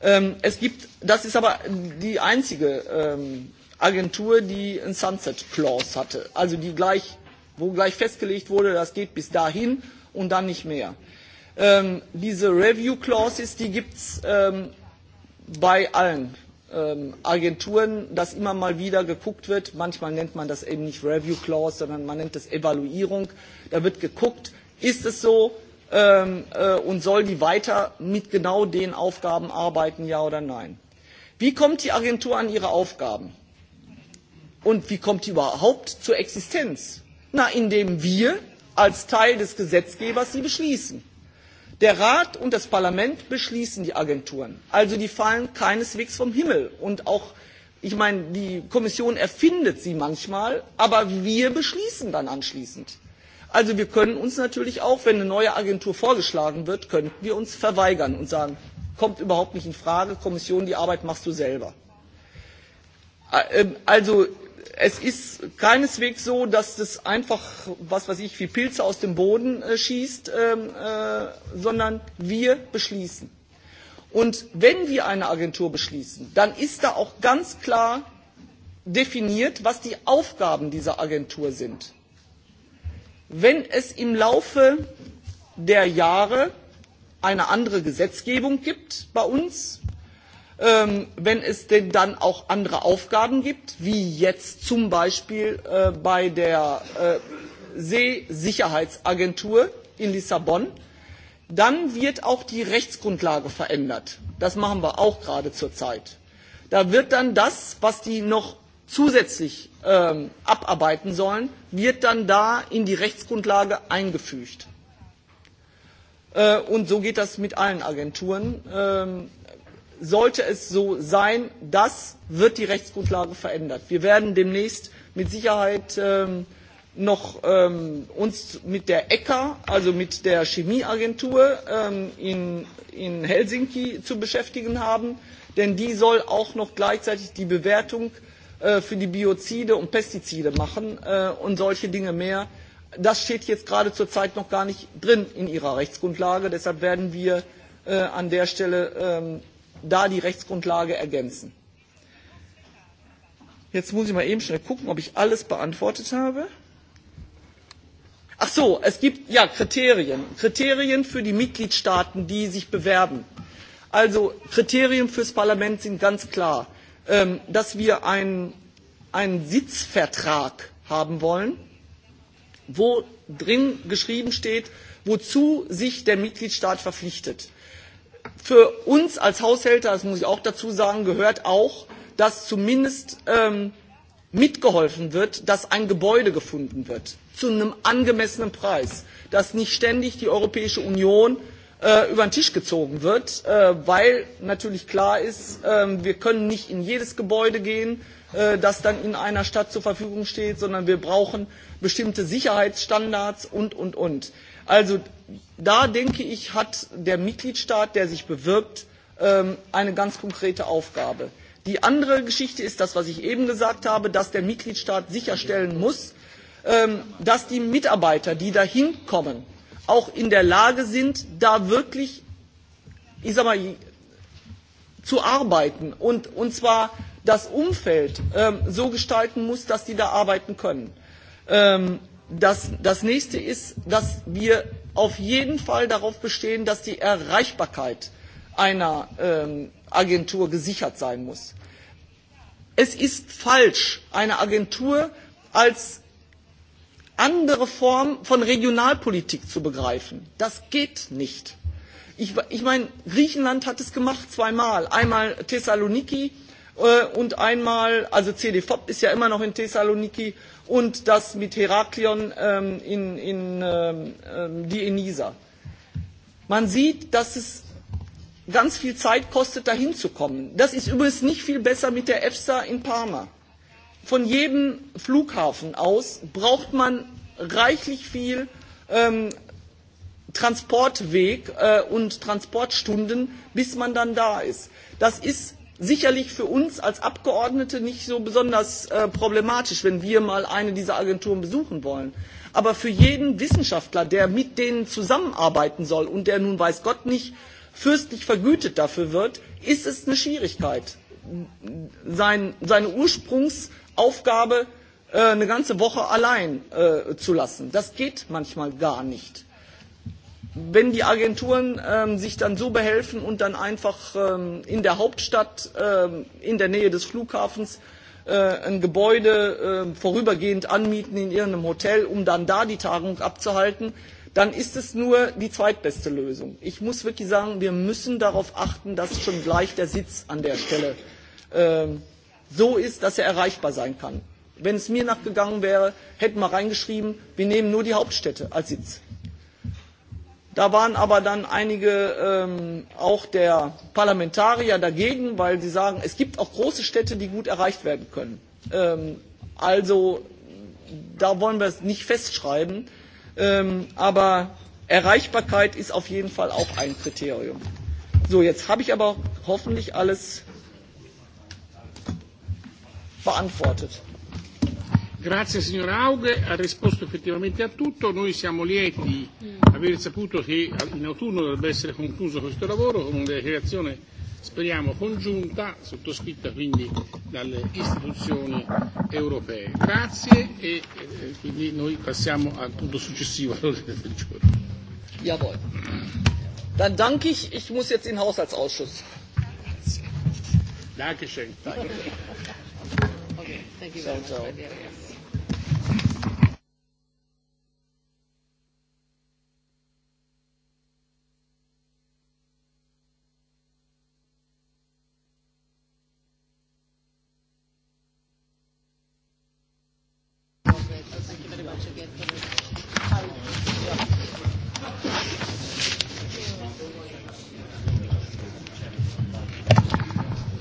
Ähm, es gibt, das ist aber die einzige ähm, Agentur, die ein Sunset Clause hatte, also die gleich, wo gleich festgelegt wurde, das geht bis dahin und dann nicht mehr. Ähm, diese Review Clauses, die gibt es ähm, bei allen ähm, Agenturen, dass immer mal wieder geguckt wird. Manchmal nennt man das eben nicht Review Clause, sondern man nennt es Evaluierung. Da wird geguckt, ist es so ähm, äh, und soll die weiter mit genau den Aufgaben arbeiten, ja oder nein. Wie kommt die Agentur an ihre Aufgaben? Und wie kommt die überhaupt zur Existenz? Na, indem wir als Teil des Gesetzgebers sie beschließen. Der Rat und das Parlament beschließen die Agenturen. Also die fallen keineswegs vom Himmel. Und auch, ich meine, die Kommission erfindet sie manchmal, aber wir beschließen dann anschließend. Also wir können uns natürlich auch, wenn eine neue Agentur vorgeschlagen wird, könnten wir uns verweigern und sagen, kommt überhaupt nicht in Frage, Kommission, die Arbeit machst du selber. Äh, ähm, also es ist keineswegs so, dass das einfach, was weiß ich, wie Pilze aus dem Boden äh, schießt, ähm, äh, sondern wir beschließen. Und wenn wir eine Agentur beschließen, dann ist da auch ganz klar definiert, was die Aufgaben dieser Agentur sind. Wenn es im Laufe der Jahre eine andere Gesetzgebung gibt bei uns, Ähm, wenn es denn dann auch andere Aufgaben gibt, wie jetzt zum Beispiel äh, bei der äh, Seesicherheitsagentur in Lissabon, dann wird auch die Rechtsgrundlage verändert. Das machen wir auch gerade zurzeit. Da wird dann das, was die noch zusätzlich ähm, abarbeiten sollen, wird dann da in die Rechtsgrundlage eingefügt. Äh, und so geht das mit allen Agenturen. Ähm, sollte es so sein, das wird die Rechtsgrundlage verändert. Wir werden demnächst mit Sicherheit ähm, noch ähm, uns mit der ECA, also mit der Chemieagentur ähm, in, in Helsinki zu beschäftigen haben, denn die soll auch noch gleichzeitig die Bewertung äh, für die Biozide und Pestizide machen äh, und solche Dinge mehr. Das steht jetzt gerade zurzeit noch gar nicht drin in ihrer Rechtsgrundlage. Deshalb werden wir äh, an der Stelle ähm, da die Rechtsgrundlage ergänzen. Jetzt muss ich mal eben schnell gucken, ob ich alles beantwortet habe. Ach so, es gibt ja Kriterien. Kriterien für die Mitgliedstaaten, die sich bewerben. Also Kriterien fürs Parlament sind ganz klar, ähm, dass wir einen, einen Sitzvertrag haben wollen, wo drin geschrieben steht, wozu sich der Mitgliedstaat verpflichtet für uns als Haushälter, das muss ich auch dazu sagen, gehört auch, dass zumindest ähm, mitgeholfen wird, dass ein Gebäude gefunden wird zu einem angemessenen Preis, dass nicht ständig die Europäische Union äh, über den Tisch gezogen wird, äh, weil natürlich klar ist, äh, wir können nicht in jedes Gebäude gehen, äh, das dann in einer Stadt zur Verfügung steht, sondern wir brauchen bestimmte Sicherheitsstandards und, und, und. Also da denke ich, hat der Mitgliedstaat, der sich bewirbt, ähm, eine ganz konkrete Aufgabe. Die andere Geschichte ist das, was ich eben gesagt habe, dass der Mitgliedstaat sicherstellen muss, ähm, dass die Mitarbeiter, die dahin kommen, auch in der Lage sind, da wirklich, ich sag mal, zu arbeiten und, und zwar das Umfeld ähm, so gestalten muss, dass die da arbeiten können. Ähm, Das, das nächste ist, dass wir auf jeden Fall darauf bestehen, dass die Erreichbarkeit einer ähm, Agentur gesichert sein muss. Es ist falsch, eine Agentur als andere Form von Regionalpolitik zu begreifen. Das geht nicht. Ich, ich meine, Griechenland hat es gemacht zweimal. Einmal Thessaloniki äh, und einmal, also CDFOP ist ja immer noch in Thessaloniki und das mit Heraklion ähm, in, in ähm, ähm die Enisa. Man sieht, dass es ganz viel Zeit kostet, dahin zu kommen. Das ist übrigens nicht viel besser mit der EFSA in Parma. Von jedem Flughafen aus braucht man reichlich viel ähm, Transportweg äh, und Transportstunden, bis man dann da ist. Das ist sicherlich für uns als Abgeordnete nicht so besonders äh, problematisch, wenn wir mal eine dieser Agenturen besuchen wollen. Aber für jeden Wissenschaftler, der mit denen zusammenarbeiten soll und der nun weiß Gott nicht fürstlich vergütet dafür wird, ist es eine Schwierigkeit, sein, seine Ursprungsaufgabe äh, eine ganze Woche allein äh, zu lassen. Das geht manchmal gar nicht wenn die Agenturen ähm, sich dann so behelfen und dann einfach ähm, in der Hauptstadt, ähm, in der Nähe des Flughafens, äh, ein Gebäude äh, vorübergehend anmieten in irgendeinem Hotel, um dann da die Tagung abzuhalten, dann ist es nur die zweitbeste Lösung. Ich muss wirklich sagen, wir müssen darauf achten, dass schon gleich der Sitz an der Stelle äh, so ist, dass er erreichbar sein kann. Wenn es mir nachgegangen wäre, hätten wir reingeschrieben, wir nehmen nur die Hauptstädte als Sitz Da waren aber dann einige ähm, auch der Parlamentarier dagegen, weil sie sagen, es gibt auch große Städte, die gut erreicht werden können. Ähm, also da wollen wir es nicht festschreiben, ähm, aber Erreichbarkeit ist auf jeden Fall auch ein Kriterium. So, jetzt habe ich aber hoffentlich alles beantwortet. Grazie signora Aughe, ha risposto effettivamente a tutto. Noi siamo lieti di aver saputo che in autunno dovrebbe essere concluso questo lavoro con una creazione, speriamo, congiunta, sottoscritta quindi dalle istituzioni europee. Grazie e eh, quindi noi passiamo al punto successivo all'ordine del giorno. Jawohl. Dann danke ich. Ich muss jetzt in den Haushaltsausschuss. Dankeschön. Dankeschön. Okay. Thank you very so, much, Bulgaria. So. Thank you very much again.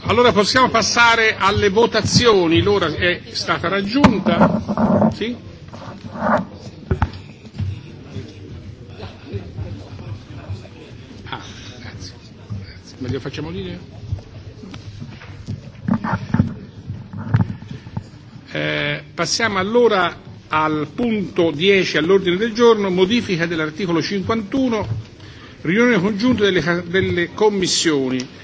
Allora possiamo passare alle votazioni, l'ora è stata raggiunta. Sì? Ah, grazie. grazie. Ma glielo facciamo dire? Eh, passiamo allora al punto 10 all'ordine del giorno, modifica dell'articolo 51, riunione congiunta delle, delle commissioni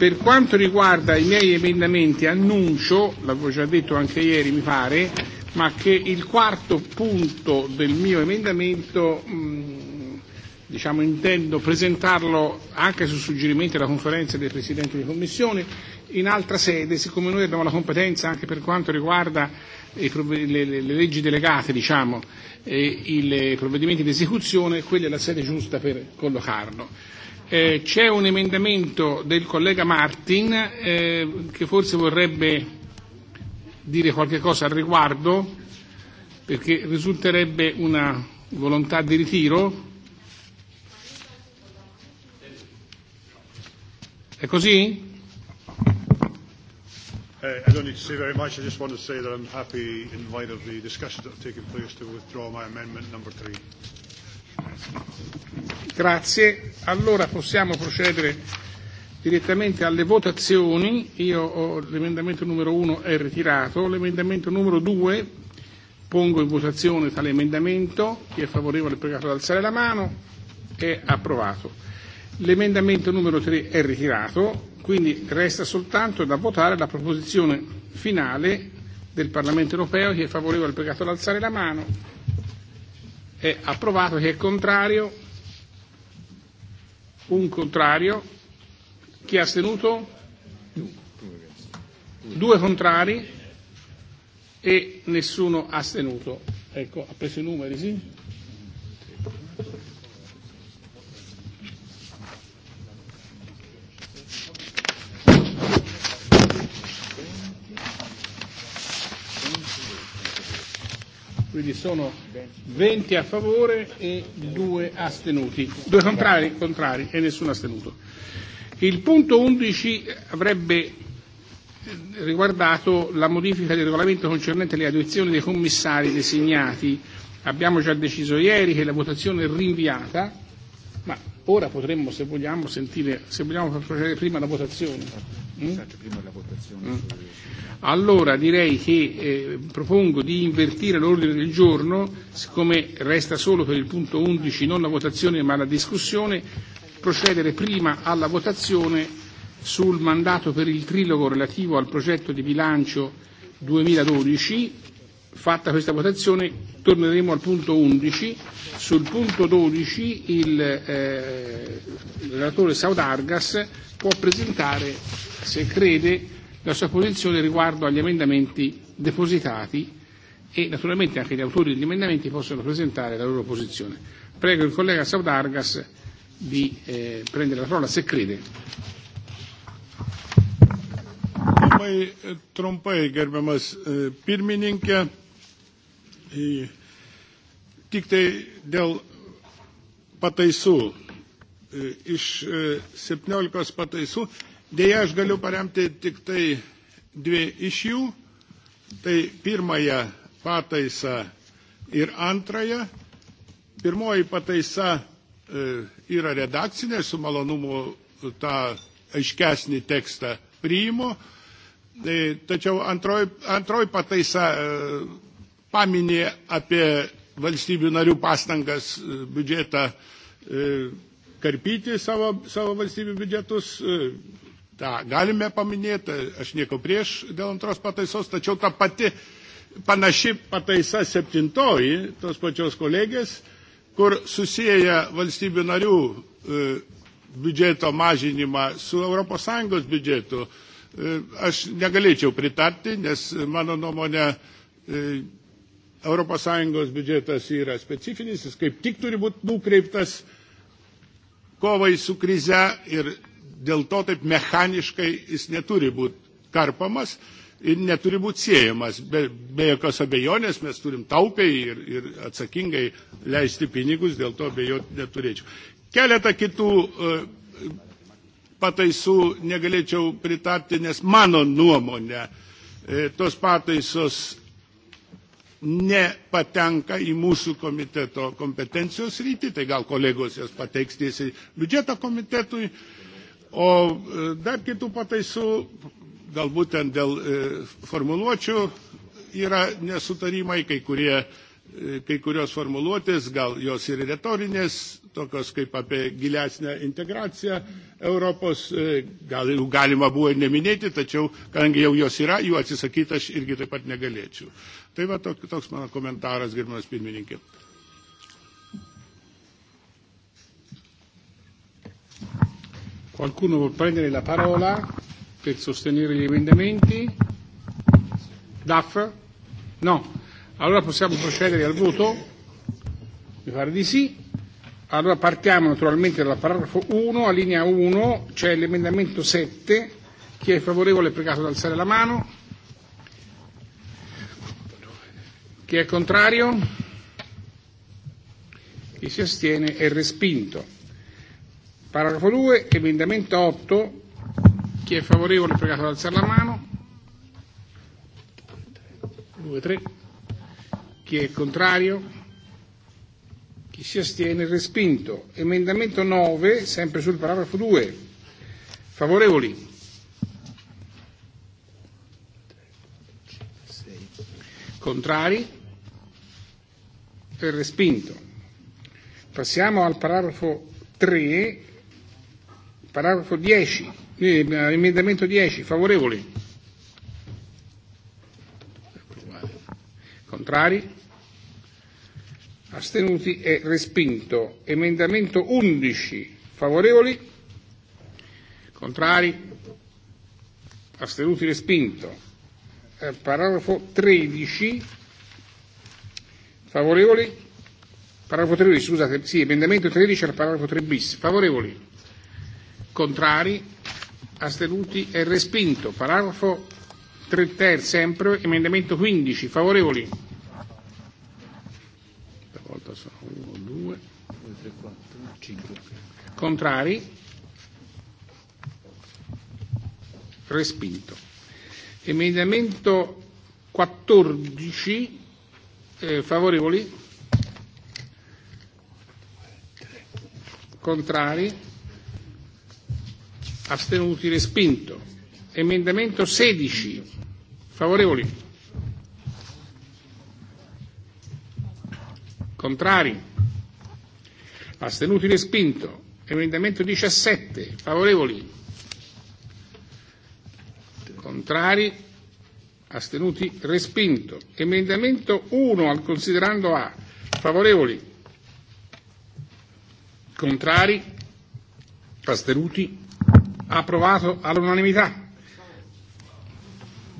Per quanto riguarda i miei emendamenti annuncio, l'avevo già detto anche ieri mi pare, ma che il quarto punto del mio emendamento mh, diciamo, intendo presentarlo anche su suggerimento della conferenza dei Presidenti di Commissione in altra sede, siccome noi abbiamo la competenza anche per quanto riguarda i, le, le, le leggi delegate diciamo, e i provvedimenti di esecuzione, quella è la sede giusta per collocarlo. Eh, c'è un emendamento del collega Martin eh, che forse vorrebbe dire qualche cosa al riguardo perché risulterebbe una volontà di ritiro. È così? Uh, I don't need to say very much. I just want to say that I'm happy in light of the discussions that have taken place to withdraw my amendment number three. Grazie. Allora possiamo procedere direttamente alle votazioni. Io ho l'emendamento numero 1 è ritirato. L'emendamento numero 2 pongo in votazione tale emendamento. Chi è favorevole è pregato ad alzare la mano. È approvato. L'emendamento numero 3 è ritirato. Quindi resta soltanto da votare la proposizione finale del Parlamento europeo. Chi è favorevole è pregato ad alzare la mano è approvato. Chi è contrario? Un contrario. Chi è astenuto? Due contrari e nessuno astenuto. Ecco, ha preso i numeri, sì? quindi sono 20 a favore e 2 astenuti, 2 contrari, contrari e nessuno astenuto. Il punto 11 avrebbe eh, riguardato la modifica del regolamento concernente le adozioni dei commissari designati. Abbiamo già deciso ieri che la votazione è rinviata Ora potremmo, se vogliamo, sentire, se vogliamo procedere prima alla votazione. Mm? Prima la votazione mm. Allora direi che eh, propongo di invertire l'ordine del giorno, siccome resta solo per il punto 11 non la votazione ma la discussione, procedere prima alla votazione sul mandato per il trilogo relativo al progetto di bilancio 2012 fatta questa votazione torneremo al punto 11. Sul punto 12 il eh, relatore Saudargas può presentare, se crede, la sua posizione riguardo agli emendamenti depositati e naturalmente anche gli autori degli emendamenti possono presentare la loro posizione. Prego il collega Saudargas di eh, prendere la parola se crede. Labai eh, trumpai, gerbiamas eh, pirmininkė. Tik tai dėl pataisų. E, iš 17 e, pataisų, dėja aš galiu paremti tik tai dvi iš jų. Tai pirmąją pataisą ir antrąją. Pirmoji pataisa e, yra redakcinė, su malonumu tą aiškesnį tekstą priimu. Tačiau antroji, antroji pataisa paminė apie valstybių narių pastangas e, biudžetą e, karpyti savo, savo valstybių biudžetus. E, ta, galime paminėti, aš nieko prieš dėl antros pataisos, tačiau ta pati panaši pataisa septintoji tos pačios kolegės, kur susiję valstybių narių biudžeto mažinimą su ES biudžetu, aš negalėčiau pritarti, nes mano nuomonė ES biudžetas yra specifinis, jis kaip tik turi būti nukreiptas kovai su krize ir dėl to taip mechaniškai jis neturi būti karpamas ir neturi būti siejamas. Be, be jokios abejonės mes turim taupiai ir, ir atsakingai leisti pinigus, dėl to abejoti neturėčiau. Keletą kitų e, pataisų negalėčiau pritapti, nes mano nuomonė e, tos pataisos nepatenka į mūsų komiteto kompetencijos rytį, tai gal kolegos jas pateiks tiesiai biudžeto komitetui, o e, dar kitų pataisų, galbūt ten dėl e, formuluočių yra nesutarimai, kai, kurie, e, kai kurios formuluotės, gal jos ir retorinės, tokios kaip apie gilesnę integraciją Europos, e, gal jų galima buvo ir neminėti, tačiau, kadangi jau jos yra, jų atsisakyti aš irgi taip pat negalėčiau. Tai va toks mano komentaras, gerbiamas pirmininkė. Qualcuno vuol prendere la parola per sostenere gli emendamenti? DAF? No. Allora possiamo procedere al voto? Mi pare di sì. Allora partiamo naturalmente dal paragrafo 1, a linea 1 c'è l'emendamento 7, chi è favorevole è pregato ad alzare la mano, chi è contrario, chi si astiene è respinto. Paragrafo 2, emendamento 8, chi è favorevole è pregato ad alzare la mano, 2, 3, chi è contrario, Chi si astiene? Respinto. Emendamento 9, sempre sul paragrafo 2. Favorevoli? Contrari? È respinto. Passiamo al paragrafo 3, paragrafo 10, eh, emendamento 10, favorevoli? Contrari? astenuti è e respinto. Emendamento 11 favorevoli, contrari, astenuti respinto. Eh, paragrafo 13 favorevoli, paragrafo 13 scusate, sì, emendamento 13 al paragrafo 3 bis, favorevoli, contrari, astenuti è e respinto. Paragrafo 3 ter sempre, emendamento 15 favorevoli volta sono 1, 2, 2, 3, 4, 5. Contrari? Respinto. Emendamento 14, eh, favorevoli? Contrari? Astenuti? Respinto. Emendamento 16, favorevoli? Contrari? Astenuti respinto. Emendamento 17. Favorevoli? Contrari? Astenuti respinto. Emendamento 1 al considerando A. Favorevoli? Contrari? Astenuti? Approvato all'unanimità.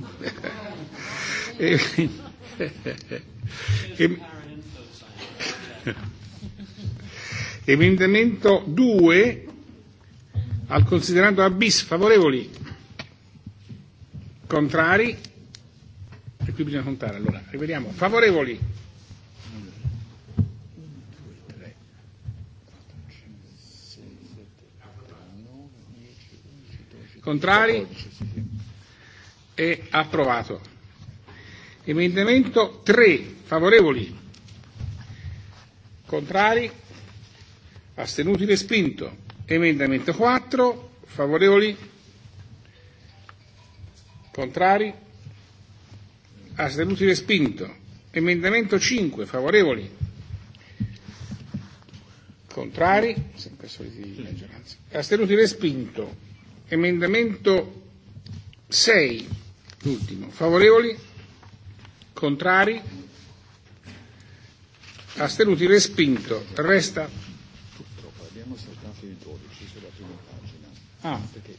*laughs* e, *laughs* e- Emendamento 2 al considerato A bis, favorevoli? Contrari? E qui bisogna contare, allora, rivediamo. Favorevoli? Contrari? È approvato. Emendamento 3, favorevoli? Contrari? astenuti respinto. Emendamento 4, favorevoli, contrari, astenuti respinto. Emendamento 5, favorevoli, contrari, sempre soliti di maggioranza, astenuti respinto. Emendamento 6, l'ultimo, favorevoli, contrari, astenuti respinto. Resta Ah. Perché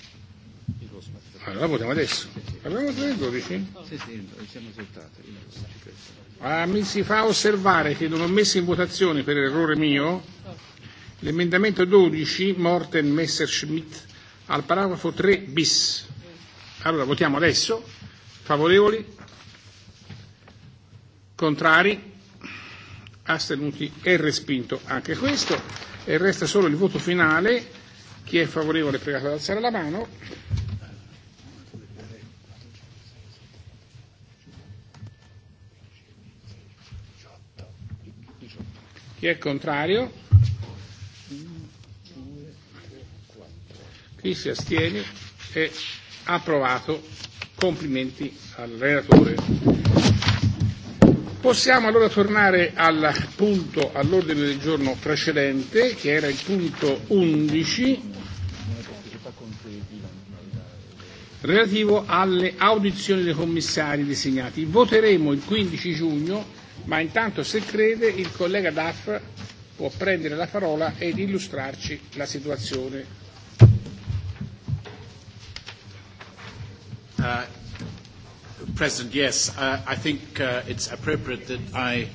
il rosso Allora votiamo adesso. Abbiamo tre il 12? Sì, sì, siamo saltati. Ah, mi si fa osservare che non ho messo in votazione per errore mio l'emendamento 12 Morten Messerschmidt al paragrafo 3 bis. Allora votiamo adesso. Favorevoli? Contrari? Astenuti? È respinto anche questo. E resta solo il voto finale Chi è favorevole è pregato ad alzare la mano. Chi è contrario? Chi si astiene è approvato. Complimenti al relatore. Possiamo allora tornare al punto all'ordine del giorno precedente, che era il punto 11, relativo alle audizioni dei commissari designati. Voteremo il 15 giugno, ma intanto se crede il collega Duff può prendere la parola ed illustrarci la situazione. Uh, President, yes, uh, I think uh, it's appropriate that I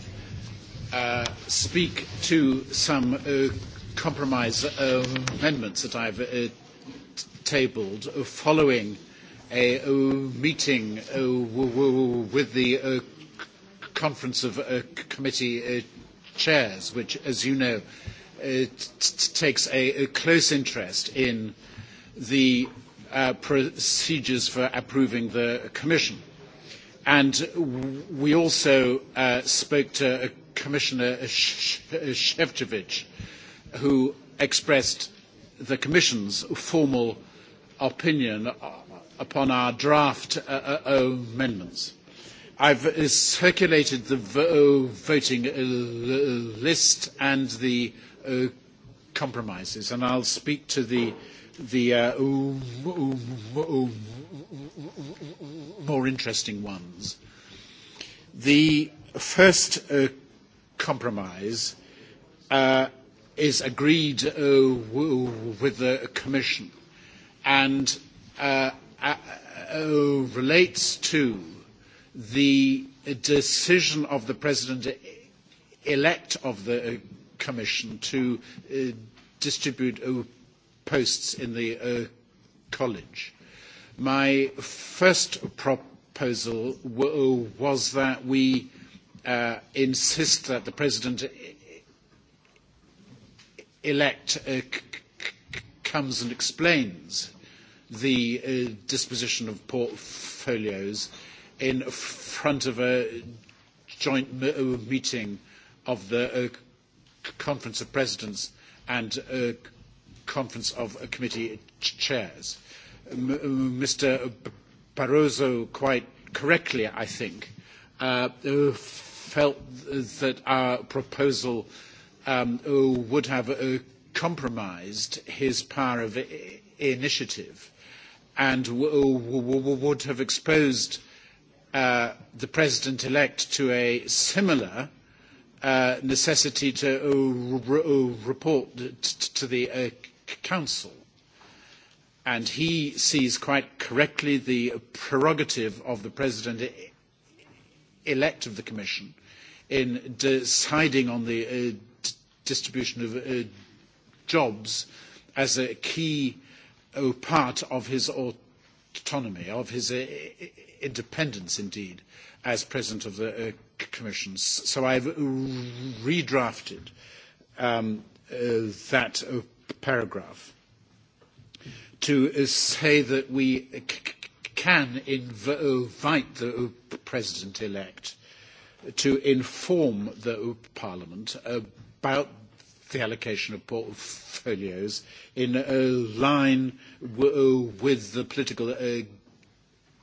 uh, speak to some uh, compromise uh, amendments that I've uh, tabled following a uh, meeting uh, w- w- with the uh, Conference of uh, Committee uh, Chairs, which, as you know, uh, t- t- takes a, a close interest in the uh, procedures for approving the Commission. And w- we also uh, spoke to uh, Commissioner Shevchevich, who expressed the Commission's formal opinion upon our draft uh, uh, amendments. I've uh, circulated the vo- uh, voting uh, list and the uh, compromises, and I'll speak to the the uh, ooh, ooh, ooh, more interesting ones. The first uh, compromise uh, is agreed uh, with the Commission, and uh, uh, uh, relates to the decision of the president-elect of the uh, commission to uh, distribute uh, posts in the uh, college. My first proposal w- uh, was that we uh, insist that the president e-, e-, elect uh, c- comes and explains the uh, disposition of portfolios in front of a joint uh, meeting of the uh, Conference of Presidents and uh, Conference of uh, Committee Chairs. M uh, Mr. Barroso, quite correctly, I think, uh, felt that our proposal um, uh, would have uh, compromised his power of initiative and w- w- w- would have exposed uh, the president-elect to a similar uh, necessity to uh, re- uh, report t- to the uh, council. And he sees quite correctly the prerogative of the president-elect of the commission in deciding on the uh, d- distribution of uh, jobs as a key owe part of his autonomy, of his uh, independence indeed, as President of the uh, Commission. So I've redrafted um, uh, that uh, paragraph to uh, say that we c- can inv- invite the uh, President-elect to inform the uh, Parliament about the allocation of portfolios in uh, line w- uh, with the political uh,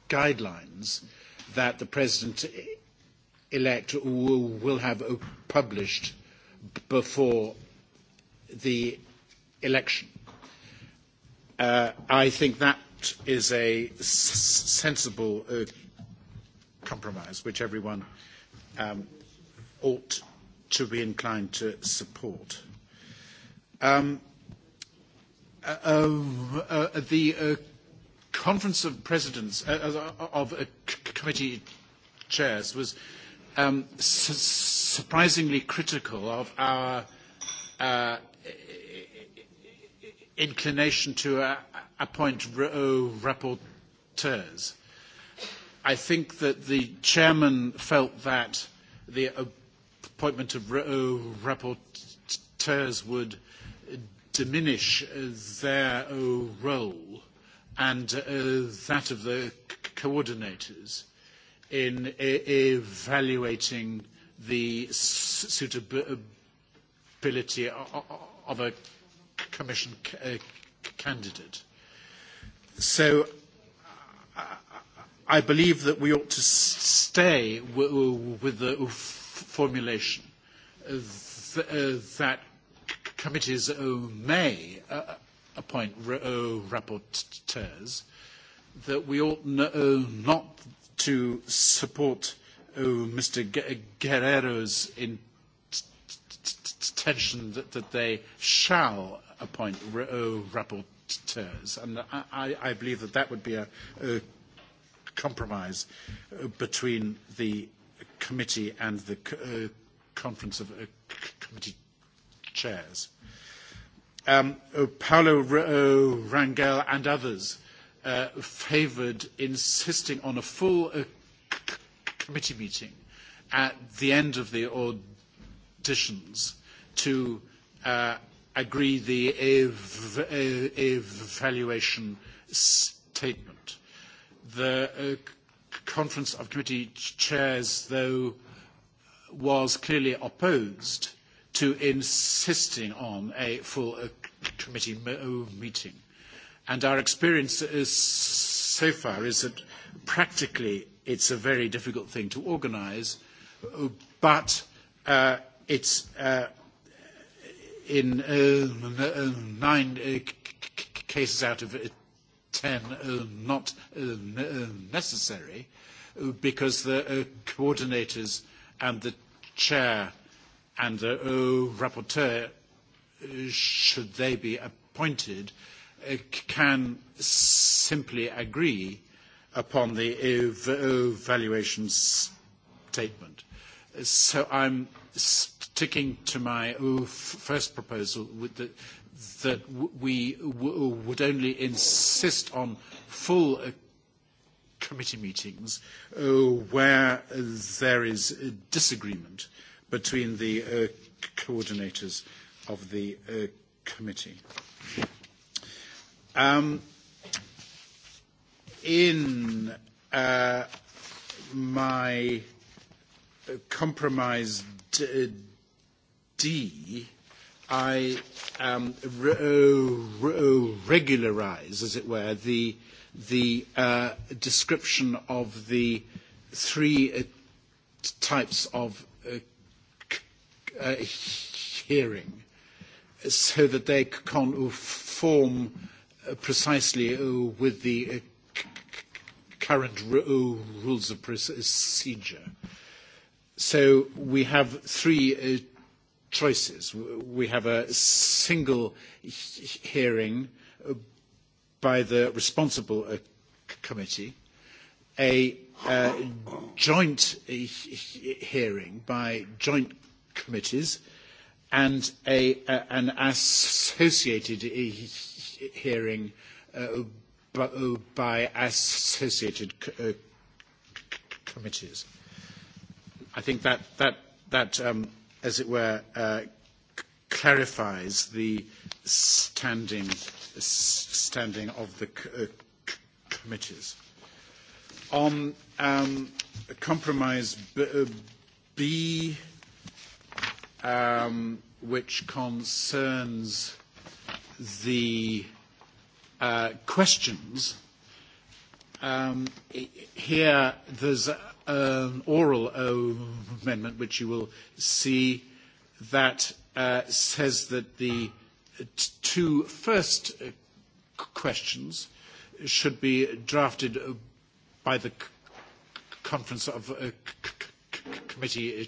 guidelines that the president elect w- will have uh, published before the election. Uh, I think that is a s- sensible uh, compromise, which everyone um, ought to be inclined to support. Um, uh, uh, uh, the uh, Conference of Presidents uh, uh of uh, Committee Chairs was um, su- surprisingly critical of our uh, inclination to uh, appoint r- oh, rapporteurs. I think that the chairman felt that the appointment of r- oh, rapporteurs would uh, diminish uh, their uh, role and uh, that of the coordinators in e-, evaluating the suitability of a commission candidate. So I believe that we ought to stay with the formulation that committees oh, may uh, appoint oh, rapporteurs, that we ought oh, not to support Mr. Guerrero's intention that they shall appoint rapporteurs. And I, I believe that that would be a, a compromise uh, between the committee and the uh, conference of uh, committee shares. Um, uh, Paolo uh, Rangel and others uh, favoured insisting on a full uh, committee meeting at the end of the auditions to uh, agree the ev- ev- evaluation statement. The uh, Conference of Committee Chairs, though, was clearly opposed to insisting on a full uh, committee uh, meeting. And our experience is, so far is that practically it's a very difficult thing to organize, but uh, it's uh, in uh, nine uh, cases out of uh, ten uh, not uh, necessary because the uh, coordinators and the chair and a uh, rapporteur, should they be appointed, uh, can simply agree upon the valuation statement. So I'm sticking to my first proposal with the, that we would only insist on full uh, committee meetings where there is disagreement uh, between the uh, coordinators of the uh, committee. Um, in uh, my compromise d, d I um, re- uh, re- uh, regularize, as it were, the, the uh, description of the three uh, types of uh, hearing so that they conform uh, precisely uh, with the uh, current rules of procedure. So we have three choices. We have a single hearing by the responsible committee, a joint hearing by joint committees and a, a, an associated hearing uh, by associated uh, committees. I think that, that, that um, as it were, uh, clarifies the standing, standing of the uh, committees. On um, compromise B, uh, B um, which concerns the uh, questions. Um, here, there's an oral amendment which you will see that uh, says that the two first uh, questions should be drafted by the Conference of uh, Committee uh,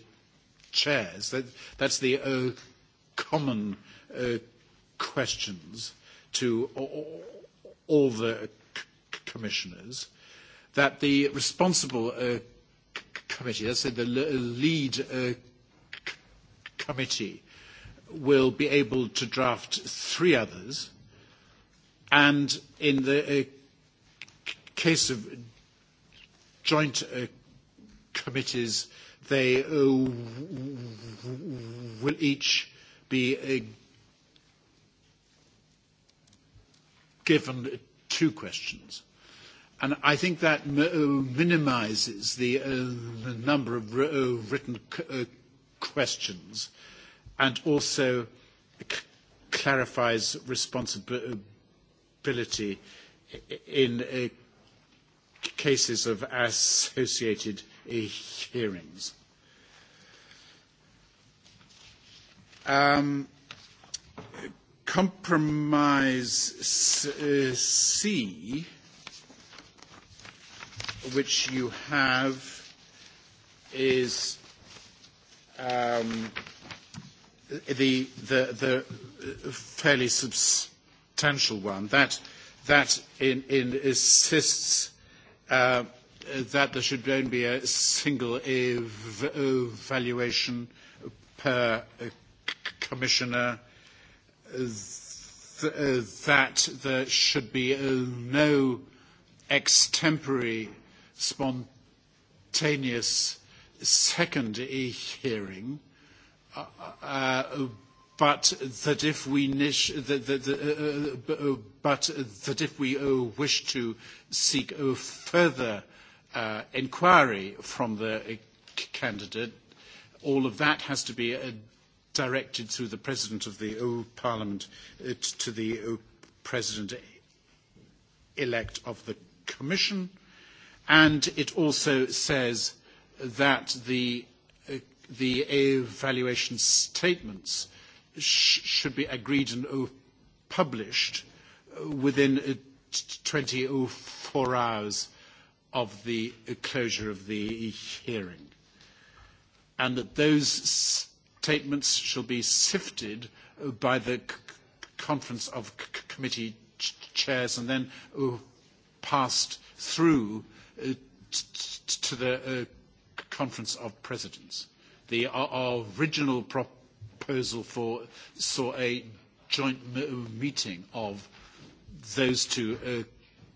chairs. That, that's the uh, common uh, questions to all, all the commissioners. That the responsible uh, committee, that's the lead uh, committee, will be able to draft three others. And in the uh, case of joint uh, committees, they uh, will each be uh, given two questions. And I think that m- uh, minimizes the uh, number of r- uh, written c- uh, questions and also c- clarifies responsibility in uh, cases of associated uh, hearings. Um, compromise uh, C, which you have, is um, the, the, the fairly substantial one. That, that in, in insists uh, that there should then be a single evaluation per uh, commissioner, uh, that there should be uh, no extempore spontaneous second hearing, uh, but that if we niche, that, that, uh, but that if we uh, wish to seek uh, further uh, inquiry from the uh, candidate, all of that has to be uh, directed through the President of the EU oh, Parliament uh, to the EU oh, President-elect of the Commission. And it also says that the, uh, the evaluation statements sh should be agreed and oh, uh, published within uh, 24 hours of the closure of the hearing, and that those statements shall be sifted by the Conference of Committee Chairs and then uh, passed through uh, to the uh, Conference of Presidents. The original proposal for saw a joint meeting of those two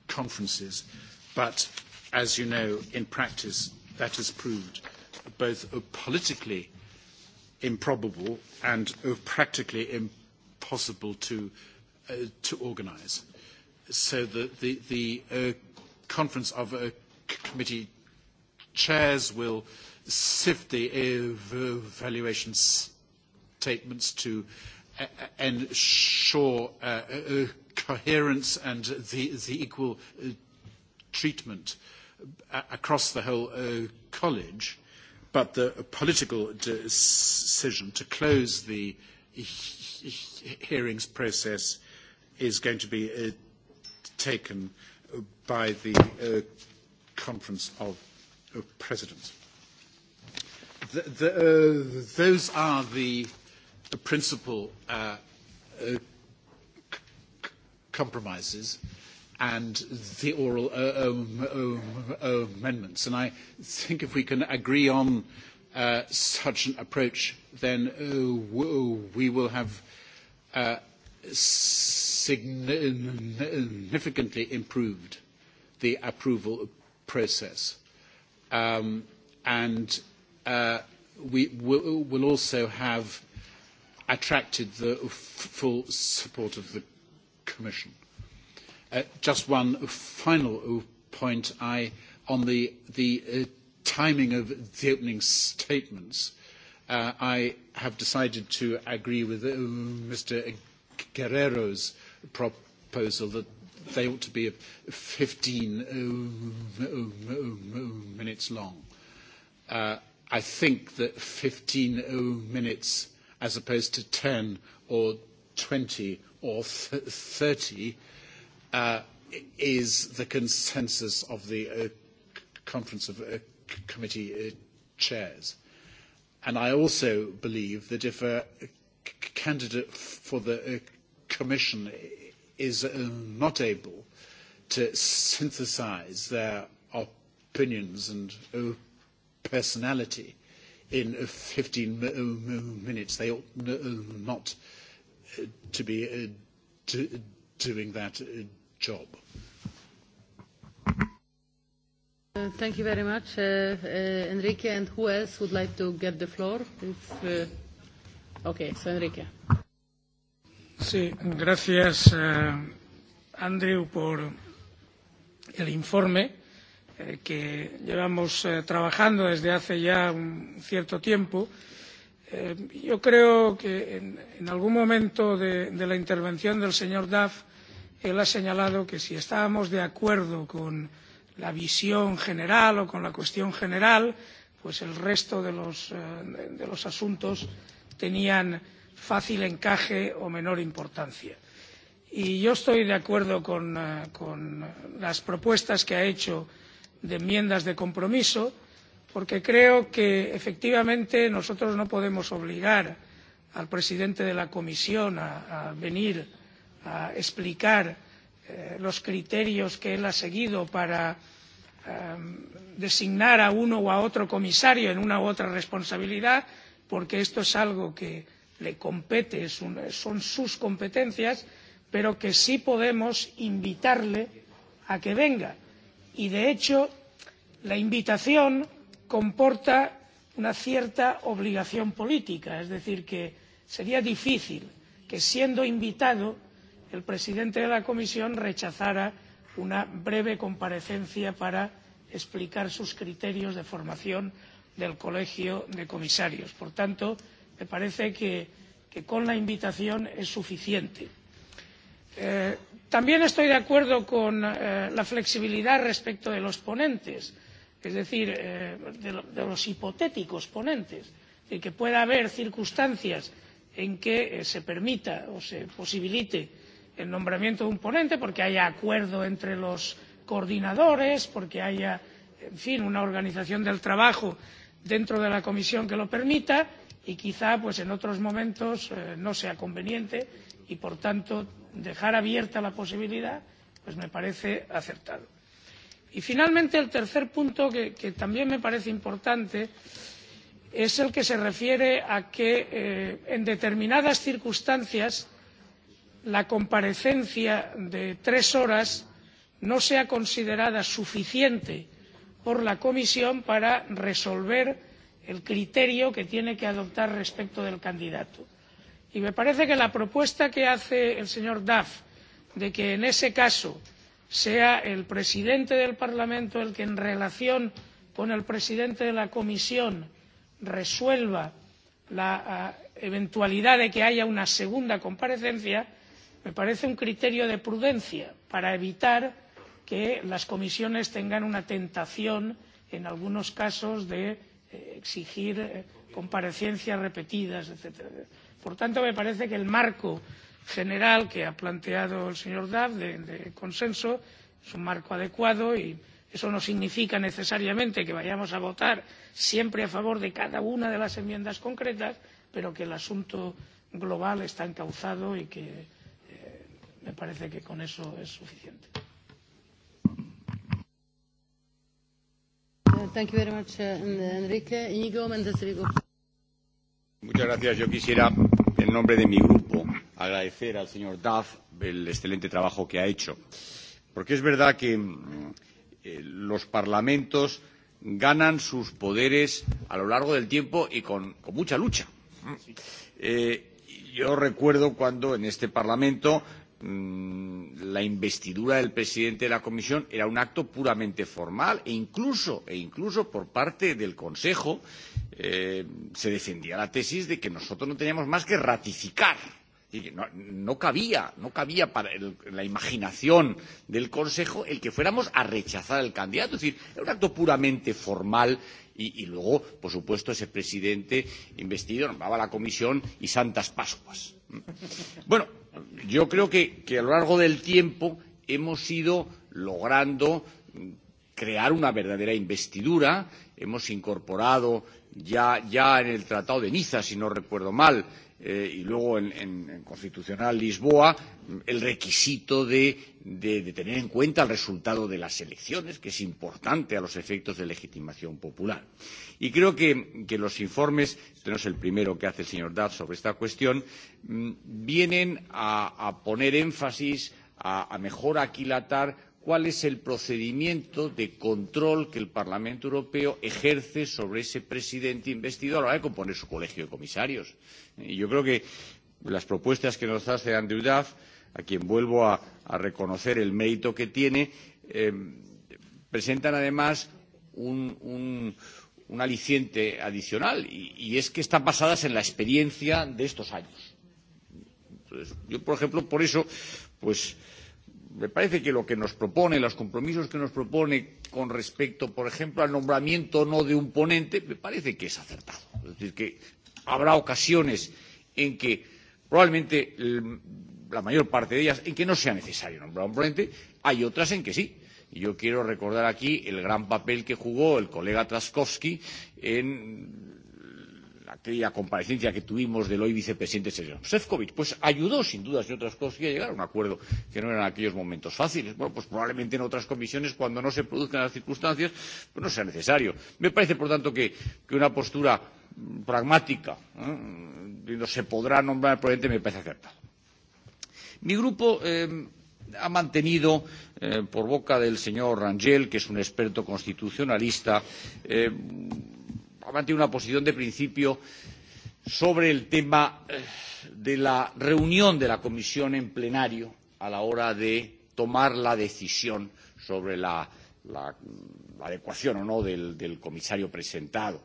conferences, but as you know, in practice, that has proved both politically improbable and uh, practically impossible to, uh, to organize. So the, the, the uh, conference of uh, committee chairs will sift the evaluation uh, statements to uh, uh ensure uh, uh, coherence and the, the equal uh, treatment uh, across the whole uh, college, but the political decision to close the hearings process is going to be uh, taken by the uh, Conference of uh, Presidents. The, the, uh, those are the, the principal uh, uh, compromises. Uh, and the oral uh, um, um, uh, amendments. And I think if we can agree on uh, such an approach, then uh, whoa, we will have uh, significantly improved the approval process. Um, and uh, we will we'll also have attracted the full support of the Commission. Uh, Uh, just one final point I, on the, the uh, timing of the opening statements. Uh, I have decided to agree with uh, Mr. Guerrero's proposal that they ought to be 15 uh, minutes long. Uh, I think that 15 uh, minutes as opposed to 10 or 20 or th- 30 uh, uh, is the consensus of the uh, Conference of uh, Committee uh, Chairs. And I also believe that if a candidate for the uh, Commission is uh, not able to synthesize their opinions and uh, personality in 15 uh, uh, minutes. They ought uh, not to be doing that job. Uh, thank you very much, uh, uh, Enrique. And who else would like to get the floor? If, uh... Okay, so Enrique. Sí, gracias, uh, Andrew, por el informe eh, que llevamos eh, trabajando desde hace ya un cierto tiempo. Eh, yo creo que en, en algún momento de, de la intervención del señor Duff él ha señalado que si estábamos de acuerdo con la visión general o con la cuestión general pues el resto de los, eh, de los asuntos tenían fácil encaje o menor importancia. Y yo estoy de acuerdo con, eh, con las propuestas que ha hecho de enmiendas de compromiso porque creo que efectivamente nosotros no podemos obligar al presidente de la comisión a, a venir a explicar eh, los criterios que él ha seguido para eh, designar a uno o a otro comisario en una u otra responsabilidad porque esto es algo que le compete un, son sus competencias pero que sí podemos invitarle a que venga y de hecho la invitación comporta una cierta obligación política es decir que sería difícil que siendo invitado el presidente de la comisión rechazara una breve comparecencia para explicar sus criterios de formación del colegio de comisarios. por tanto me parece que, que con la invitación es suficiente. Eh, también estoy de acuerdo con eh, la flexibilidad respecto de los ponentes es decir eh, de, lo, de los hipotéticos ponentes es decir que pueda haber circunstancias en que eh, se permita o se posibilite el nombramiento de un ponente porque haya acuerdo entre los coordinadores porque haya en fin una organización del trabajo dentro de la comisión que lo permita y quizá pues, en otros momentos eh, no sea conveniente y por tanto dejar abierta la posibilidad pues me parece acertado. y finalmente el tercer punto que, que también me parece importante es el que se refiere a que eh, en determinadas circunstancias la comparecencia de tres horas no sea considerada suficiente por la comisión para resolver el criterio que tiene que adoptar respecto del candidato y me parece que la propuesta que hace el señor duff de que en ese caso sea el presidente del parlamento el que en relación con el presidente de la comisión resuelva la ah, eventualidad de que haya una segunda comparecencia me parece un criterio de prudencia para evitar que las comisiones tengan una tentación en algunos casos de eh, exigir eh, comparecencias repetidas etc. por tanto me parece que el marco general que ha planteado el señor duff de, de consenso es un marco adecuado y eso no significa necesariamente que vayamos a votar siempre a favor de cada una de las enmiendas concretas pero que el asunto global está encauzado y que me parece que con eso es suficiente. Uh, thank you very much, uh, Enrique. Íñigo Méndez Vigo. Muchas gracias. Yo quisiera, en nombre de mi grupo, agradecer al señor Duff el excelente trabajo que ha hecho. Porque es verdad que mm, eh, los parlamentos ganan sus poderes a lo largo del tiempo y con, con mucha lucha. Mm. Eh, yo recuerdo cuando en este Parlamento Mm, la investidura del presidente de la Comisión era un acto puramente formal e incluso, e incluso por parte del Consejo eh, se defendía la tesis de que nosotros no teníamos más que ratificar. Y no, no cabía, no cabía para el, la imaginación del Consejo el que fuéramos a rechazar al candidato. Es decir, era un acto puramente formal y, y luego, por supuesto, ese presidente investido nombraba la comisión y santas pascuas. Bueno, yo creo que, que a lo largo del tiempo hemos ido logrando crear una verdadera investidura. Hemos incorporado ya, ya en el Tratado de Niza, si no recuerdo mal, eh, y luego en, en, en Constitucional Lisboa el requisito de, de, de tener en cuenta el resultado de las elecciones, que es importante a los efectos de legitimación popular. Y creo que, que los informes, este no es el primero que hace el señor Duff sobre esta cuestión, mmm, vienen a, a poner énfasis, a, a mejor aquilatar cuál es el procedimiento de control que el Parlamento Europeo ejerce sobre ese presidente investido a la hora de componer su colegio de comisarios. Y yo creo que las propuestas que nos hace Andrew Duff, a quien vuelvo a, a reconocer el mérito que tiene, eh, presentan además un, un, un aliciente adicional, y, y es que están basadas en la experiencia de estos años. Entonces, yo, por ejemplo, por eso, pues, eh, me parece que lo que nos propone, los compromisos que nos propone con respecto, por ejemplo, al nombramiento o no de un ponente, me parece que es acertado. Es decir, que habrá ocasiones en que probablemente la mayor parte de ellas en que no sea necesario nombrar un ponente, hay otras en que sí. Y yo quiero recordar aquí el gran papel que jugó el colega Traskowski en aquella comparecencia que tuvimos del hoy vicepresidente Sefcovic, pues ayudó sin duda y otras cosas a llegar a un acuerdo que no eran aquellos momentos fáciles. Bueno, pues probablemente en otras comisiones, cuando no se produzcan las circunstancias, pues no sea necesario. Me parece, por tanto, que, que una postura pragmática, ¿eh? no se podrá nombrar el presidente, me parece acertada. Mi grupo eh, ha mantenido eh, por boca del señor Rangel, que es un experto constitucionalista, eh, mantiene una posición de principio sobre el tema eh, de la reunión de la comisión en plenario a la hora de tomar la decisión sobre la, la, la adecuación o no del, del comisario presentado.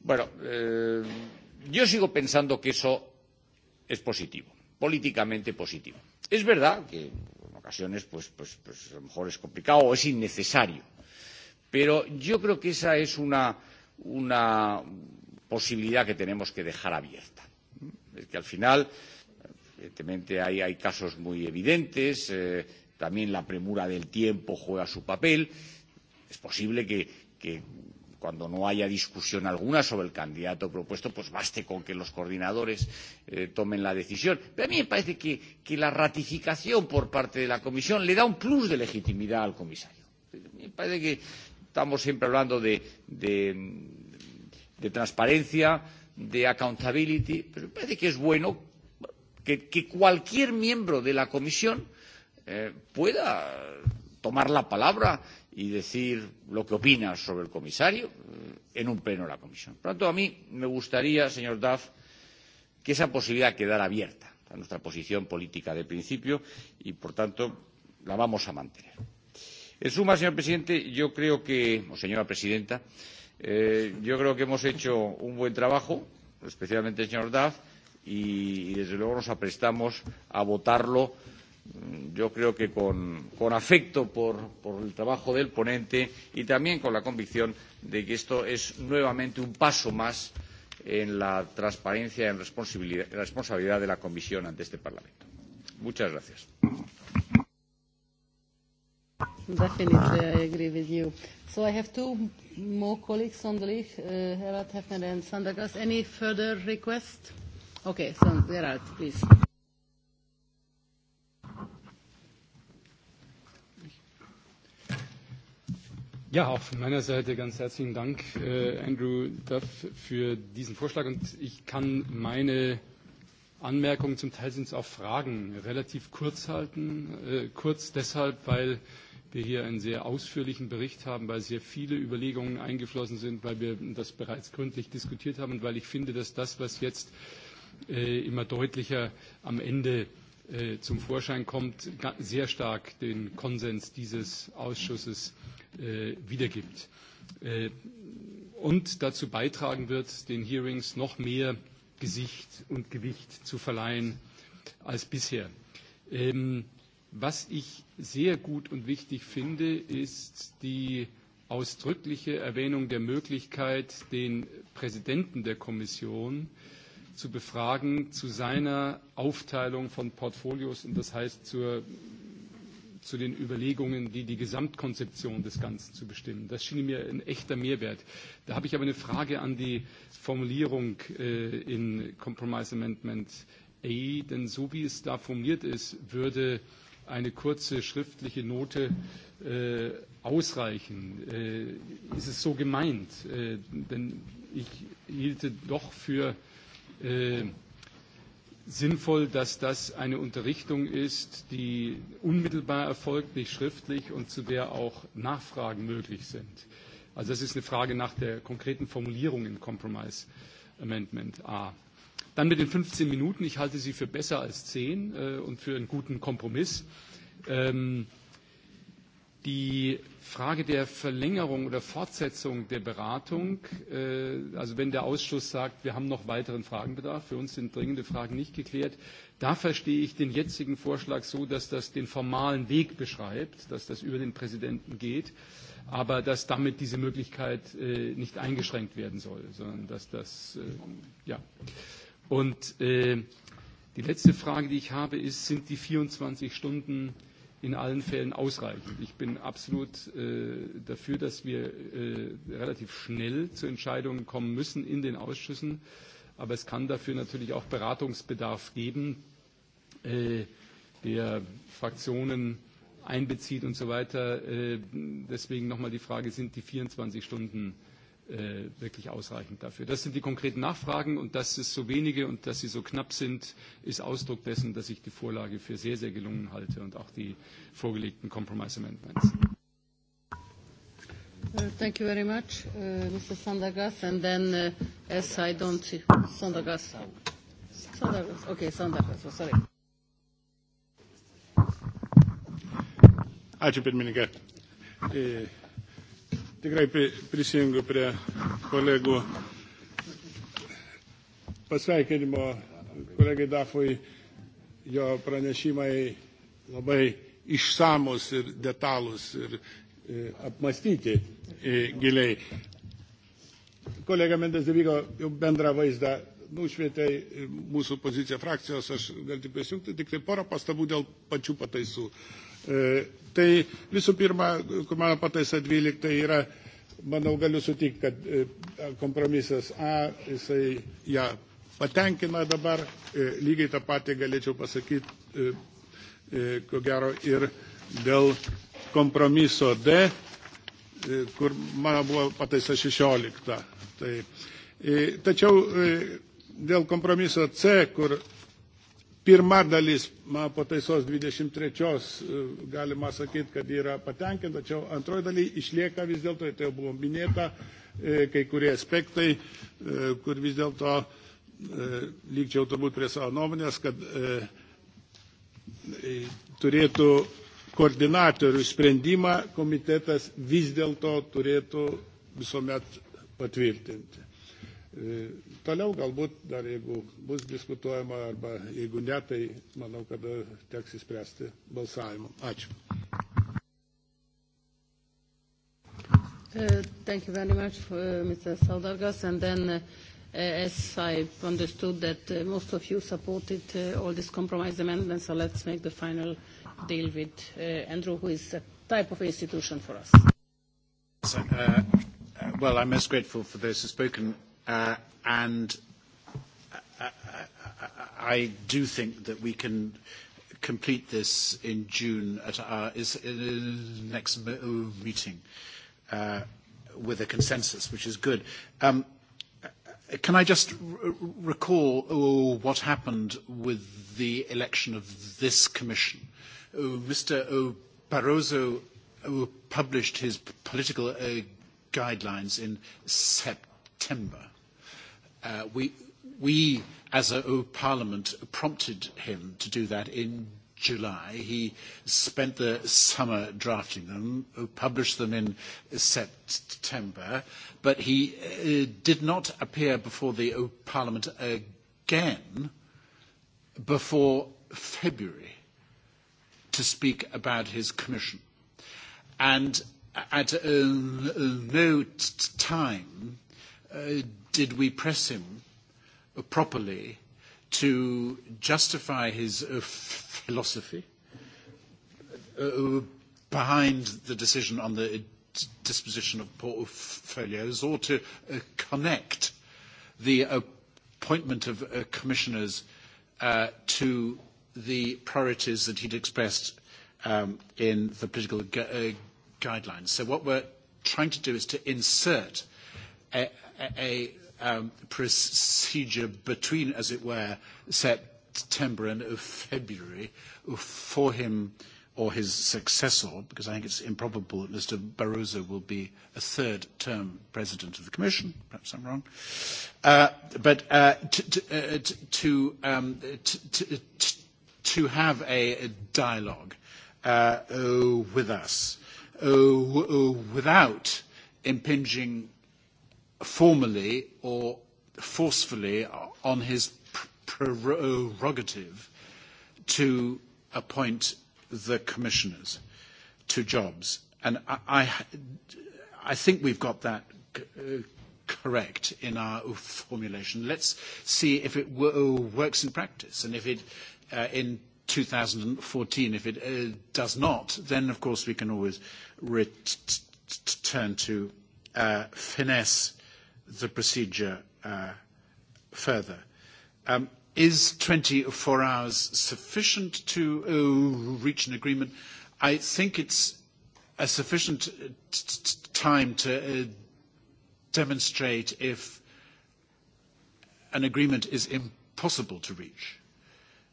Bueno, eh, yo sigo pensando que eso es positivo, políticamente positivo. Es verdad que en ocasiones pues, pues, pues a lo mejor es complicado o es innecesario, pero yo creo que esa es una, eh, una posibilidad que tenemos que dejar abierta. Es que al final, evidentemente, hay, hay casos muy evidentes, eh, también la premura del tiempo juega su papel. Es posible que, que cuando no haya discusión alguna sobre el candidato propuesto, pues baste con que los coordinadores eh, tomen la decisión. Pero a mí me parece que, que la ratificación por parte de la Comisión le da un plus de legitimidad al comisario. Me parece que Estamos siempre hablando de, de, de transparencia, de accountability, pero me parece que es bueno que, que cualquier miembro de la Comisión eh, pueda tomar la palabra y decir lo que opina sobre el comisario eh, en un pleno de la comisión. Por lo tanto, a mí me gustaría, señor Duff, que esa posibilidad quedara abierta a nuestra posición política de principio y, por tanto, la vamos a mantener. En eh, suma, señor presidente, yo creo que, o señora presidenta, eh, yo creo que hemos hecho un buen trabajo, especialmente el señor Duff, y, y desde luego nos aprestamos a votarlo, mm, yo creo que con, con afecto por, por el trabajo del ponente y también con la convicción de que esto es nuevamente un paso más en la transparencia y en responsabilidad, responsabilidad de la Comisión ante este Parlamento. Muchas gracias. Definitely, I agree with you. So I have two more colleagues on the list, uh, Herald Hefner and Sandagas. Any further requests? Okay, so Gerald, please. Ja, auch von meiner Seite ganz herzlichen Dank, äh, Andrew Duff, für diesen Vorschlag. Und ich kann meine Anmerkungen, zum Teil sind es auch Fragen, relativ kurz halten. Äh, kurz deshalb, weil wir hier einen sehr ausführlichen Bericht haben, weil sehr viele Überlegungen eingeflossen sind, weil wir das bereits gründlich diskutiert haben und weil ich finde, dass das, was jetzt äh, immer deutlicher am Ende äh, zum Vorschein kommt, sehr stark den Konsens dieses Ausschusses äh, wiedergibt äh, und dazu beitragen wird, den Hearings noch mehr Gesicht und Gewicht zu verleihen als bisher. Ähm, Was ich sehr gut und wichtig finde, ist die ausdrückliche Erwähnung der Möglichkeit, den Präsidenten der Kommission zu befragen zu seiner Aufteilung von Portfolios und das heißt zur, zu den Überlegungen, die die Gesamtkonzeption des Ganzen zu bestimmen. Das schien mir ein echter Mehrwert. Da habe ich aber eine Frage an die Formulierung äh, in Compromise Amendment A, denn so wie es da formuliert ist, würde äh, eine kurze schriftliche Note äh, ausreichen? Äh, ist es so gemeint? Äh, denn ich hielte doch für äh, sinnvoll, dass das eine Unterrichtung ist, die unmittelbar erfolgt, nicht schriftlich und zu der auch Nachfragen möglich sind. Also das ist eine Frage nach der konkreten Formulierung im Compromise Amendment A. Dann mit den 15 Minuten. Ich halte sie für besser als 10 äh, und für einen guten Kompromiss. Ähm, die Frage der Verlängerung oder Fortsetzung der Beratung, äh, also wenn der Ausschuss sagt, wir haben noch weiteren Fragenbedarf, für uns sind dringende Fragen nicht geklärt, da verstehe ich den jetzigen Vorschlag so, dass das den formalen Weg beschreibt, dass das über den Präsidenten geht, aber dass damit diese Möglichkeit äh, nicht eingeschränkt werden soll, sondern dass das, äh, ja. Äh, Und äh, die letzte Frage, die ich habe, ist, sind die 24 Stunden in allen Fällen ausreichend? Ich bin absolut äh, dafür, dass wir äh, relativ schnell zu Entscheidungen kommen müssen in den Ausschüssen. Aber es kann dafür natürlich auch Beratungsbedarf geben, äh, der Fraktionen einbezieht und so weiter. Äh, deswegen nochmal die Frage, sind die 24 Stunden äh, äh, wirklich ausreichend dafür. Das sind die konkreten Nachfragen und dass es so wenige und dass sie so knapp sind, ist Ausdruck dessen, dass ich die Vorlage für sehr, sehr gelungen halte und auch die vorgelegten Compromise Amendments. Uh, thank you very much, uh, Mr. Sandergaard. And then, uh, as I don't see Sandergaard. Sandergaard. Okay, Sandergaard. So, oh, sorry. Ačiū pirmininkė. E Tikrai prisijungiu prie kolegų pasveikinimo kolegai Dafui. Jo pranešimai labai išsamus ir detalus ir e, apmastyti e, giliai. Kolega Mendes Devygo jau bendrą vaizdą nušvietė e, mūsų poziciją frakcijos, aš galiu tik prisijungti, tik tai porą pastabų dėl pačių pataisų. E, E, tai visų pirma, mano pataisa 12 tai yra, manau, galiu sutikti, kad e, kompromisas A, jisai ją ja, patenkina dabar, e, lygiai tą patį galėčiau pasakyti, ko gero, ir dėl kompromiso D, kur mano buvo pataisa 16. Tai, tačiau dėl kompromiso C, kur Pirma dalis pataisos 23 e, galima sakyti, kad yra patenkinta, tačiau antroji daly išlieka vis dėlto, tai jau buvo minėta, e, kai kurie aspektai, e, kur vis dėlto lygčiau turbūt prie savo nuomonės, kad turėtų koordinatorių sprendimą komitetas vis dėlto turėtų visuomet patvirtinti. E, toliau galbūt dar jeigu bus diskutuojama arba jeigu ne, tai manau, kad teks įspręsti balsavimu. Ačiū. Uh, thank you very much, for, uh, Mr. Saudargas. And then, uh, as I understood that uh, most of you supported uh, all these compromise amendments, so let's make the final deal with uh, Andrew, who is a type of institution for us. Uh, uh, well, I'm most grateful for those who have spoken Uh, and I, uh, I, uh, uh, I do think that we can complete this in June at our is, uh, next meeting uh, with a consensus, which is good. Um, can I just r- recall oh, what happened with the election of this commission? Oh, Mr. Oh, Barroso oh, published his political uh, guidelines in September Uh, we, we, as a, a parliament, prompted him to do that in July. He spent the summer drafting them, uh, published them in September, but he uh, did not appear before the uh, Parliament again before February to speak about his commission. And at uh, no t- time uh, did we press him properly to justify his uh, philosophy uh, behind the decision on the uh, disposition of portfolios or to uh, connect the appointment of uh, commissioners uh, to the priorities that he'd expressed um, in the political gu- uh, guidelines. So what we're trying to do is to insert a, a, a um, procedure between, as it were, September and February for him or his successor, because I think it's improbable that Mr. Barroso will be a third term president of the Commission. Perhaps I'm wrong. Uh, but uh, t- t- uh, t- to, um, t- t- t- to have a dialogue uh, oh, with us oh, oh, without impinging formally or forcefully on his prerogative to appoint the commissioners to jobs. And I, I, I think we've got that c- uh, correct in our formulation. Let's see if it w- works in practice. And if it, uh, in 2014, if it uh, does not, then of course we can always return to uh, finesse the procedure uh, further. Um, is 24 hours sufficient to uh, reach an agreement? I think it's a sufficient uh, t- t- time to uh, demonstrate if an agreement is impossible to reach.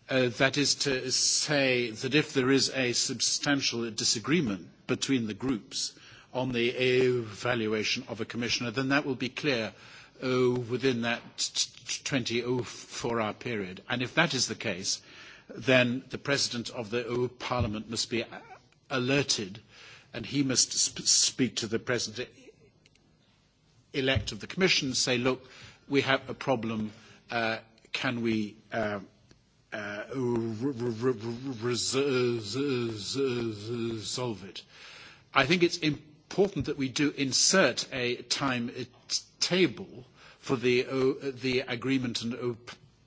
Uh, that is to say that if there is a substantial disagreement between the groups, on the evaluation of a commissioner, then that will be clear uh, within that 24-hour period. And if that is the case, then the President of the uh, Parliament must be alerted and he must sp- speak to the President-elect of the Commission, say, look, we have a problem. Uh, can we uh, uh, resolve it? I think it's important important that we do insert a timetable for the, uh, the agreement and uh,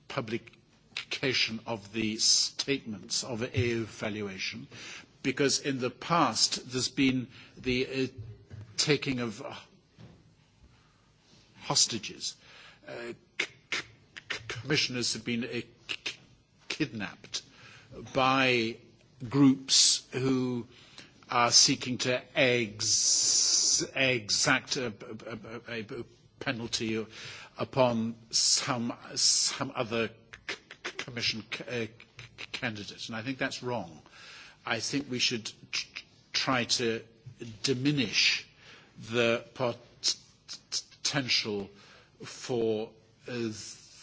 publication of the statements of evaluation, because in the past there's been the uh, taking of uh, hostages. Uh, c- c- commissioners have been uh, c- kidnapped by groups who uh, are seeking to ex- exact uh, a, a, a, a penalty upon some, some other c- commission c- uh, candidate. And I think that's wrong. I think we should t- try to diminish the potential for uh,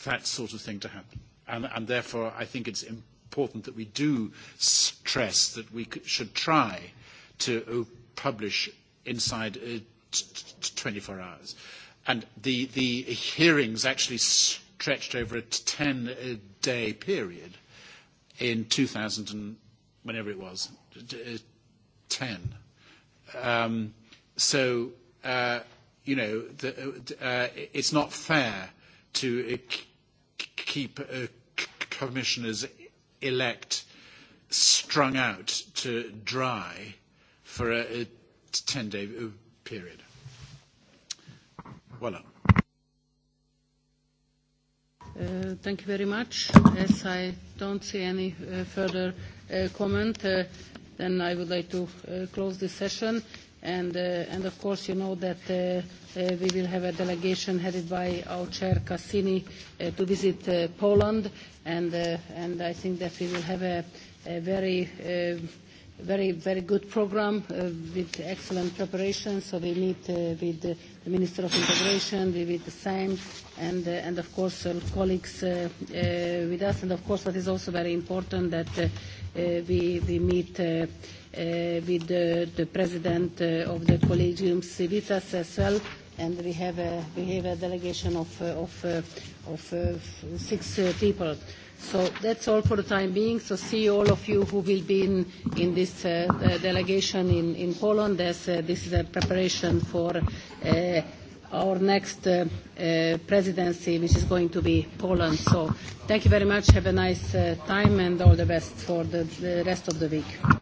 that sort of thing to happen. And, and therefore, I think it's important that we do stress that we should try to uh, publish inside uh, t- t- 24 hours. And the, the hearings actually stretched over a 10 uh, day period in 2000, and whenever it was, 10. Uh, um, so, uh, you know, the, uh, it's not fair to uh, keep uh, commissioners elect strung out to dry for a, a 10-day uh, period. Voilà. Uh, thank you very much. As I don't see any uh, further uh, comment, uh, then I would like to uh, close this session. And, and of course, you know that we will have a delegation headed by our chair, Cassini, to visit Poland. And, and I think that we will have a, a very very, very good program uh, with excellent preparation. So we meet uh, with uh, the Minister of Integration, we meet the same, and, uh, and of course uh, colleagues uh, uh, with us. And of course what is also very important that uh, uh, we, we meet uh, Uh, with uh, the president uh, of the Collegium Civitas as well, and we have a, we have a delegation of, uh, of, uh, of uh, six uh, people. Uh, So that's all for the time being. So see all of you who will be in, in this uh, uh, delegation in, in Poland. As, uh, this is a preparation for uh, our next uh, uh, presidency, which is going to be Poland. So thank you very much. Have a nice uh, time and all the best for the, the rest of the week.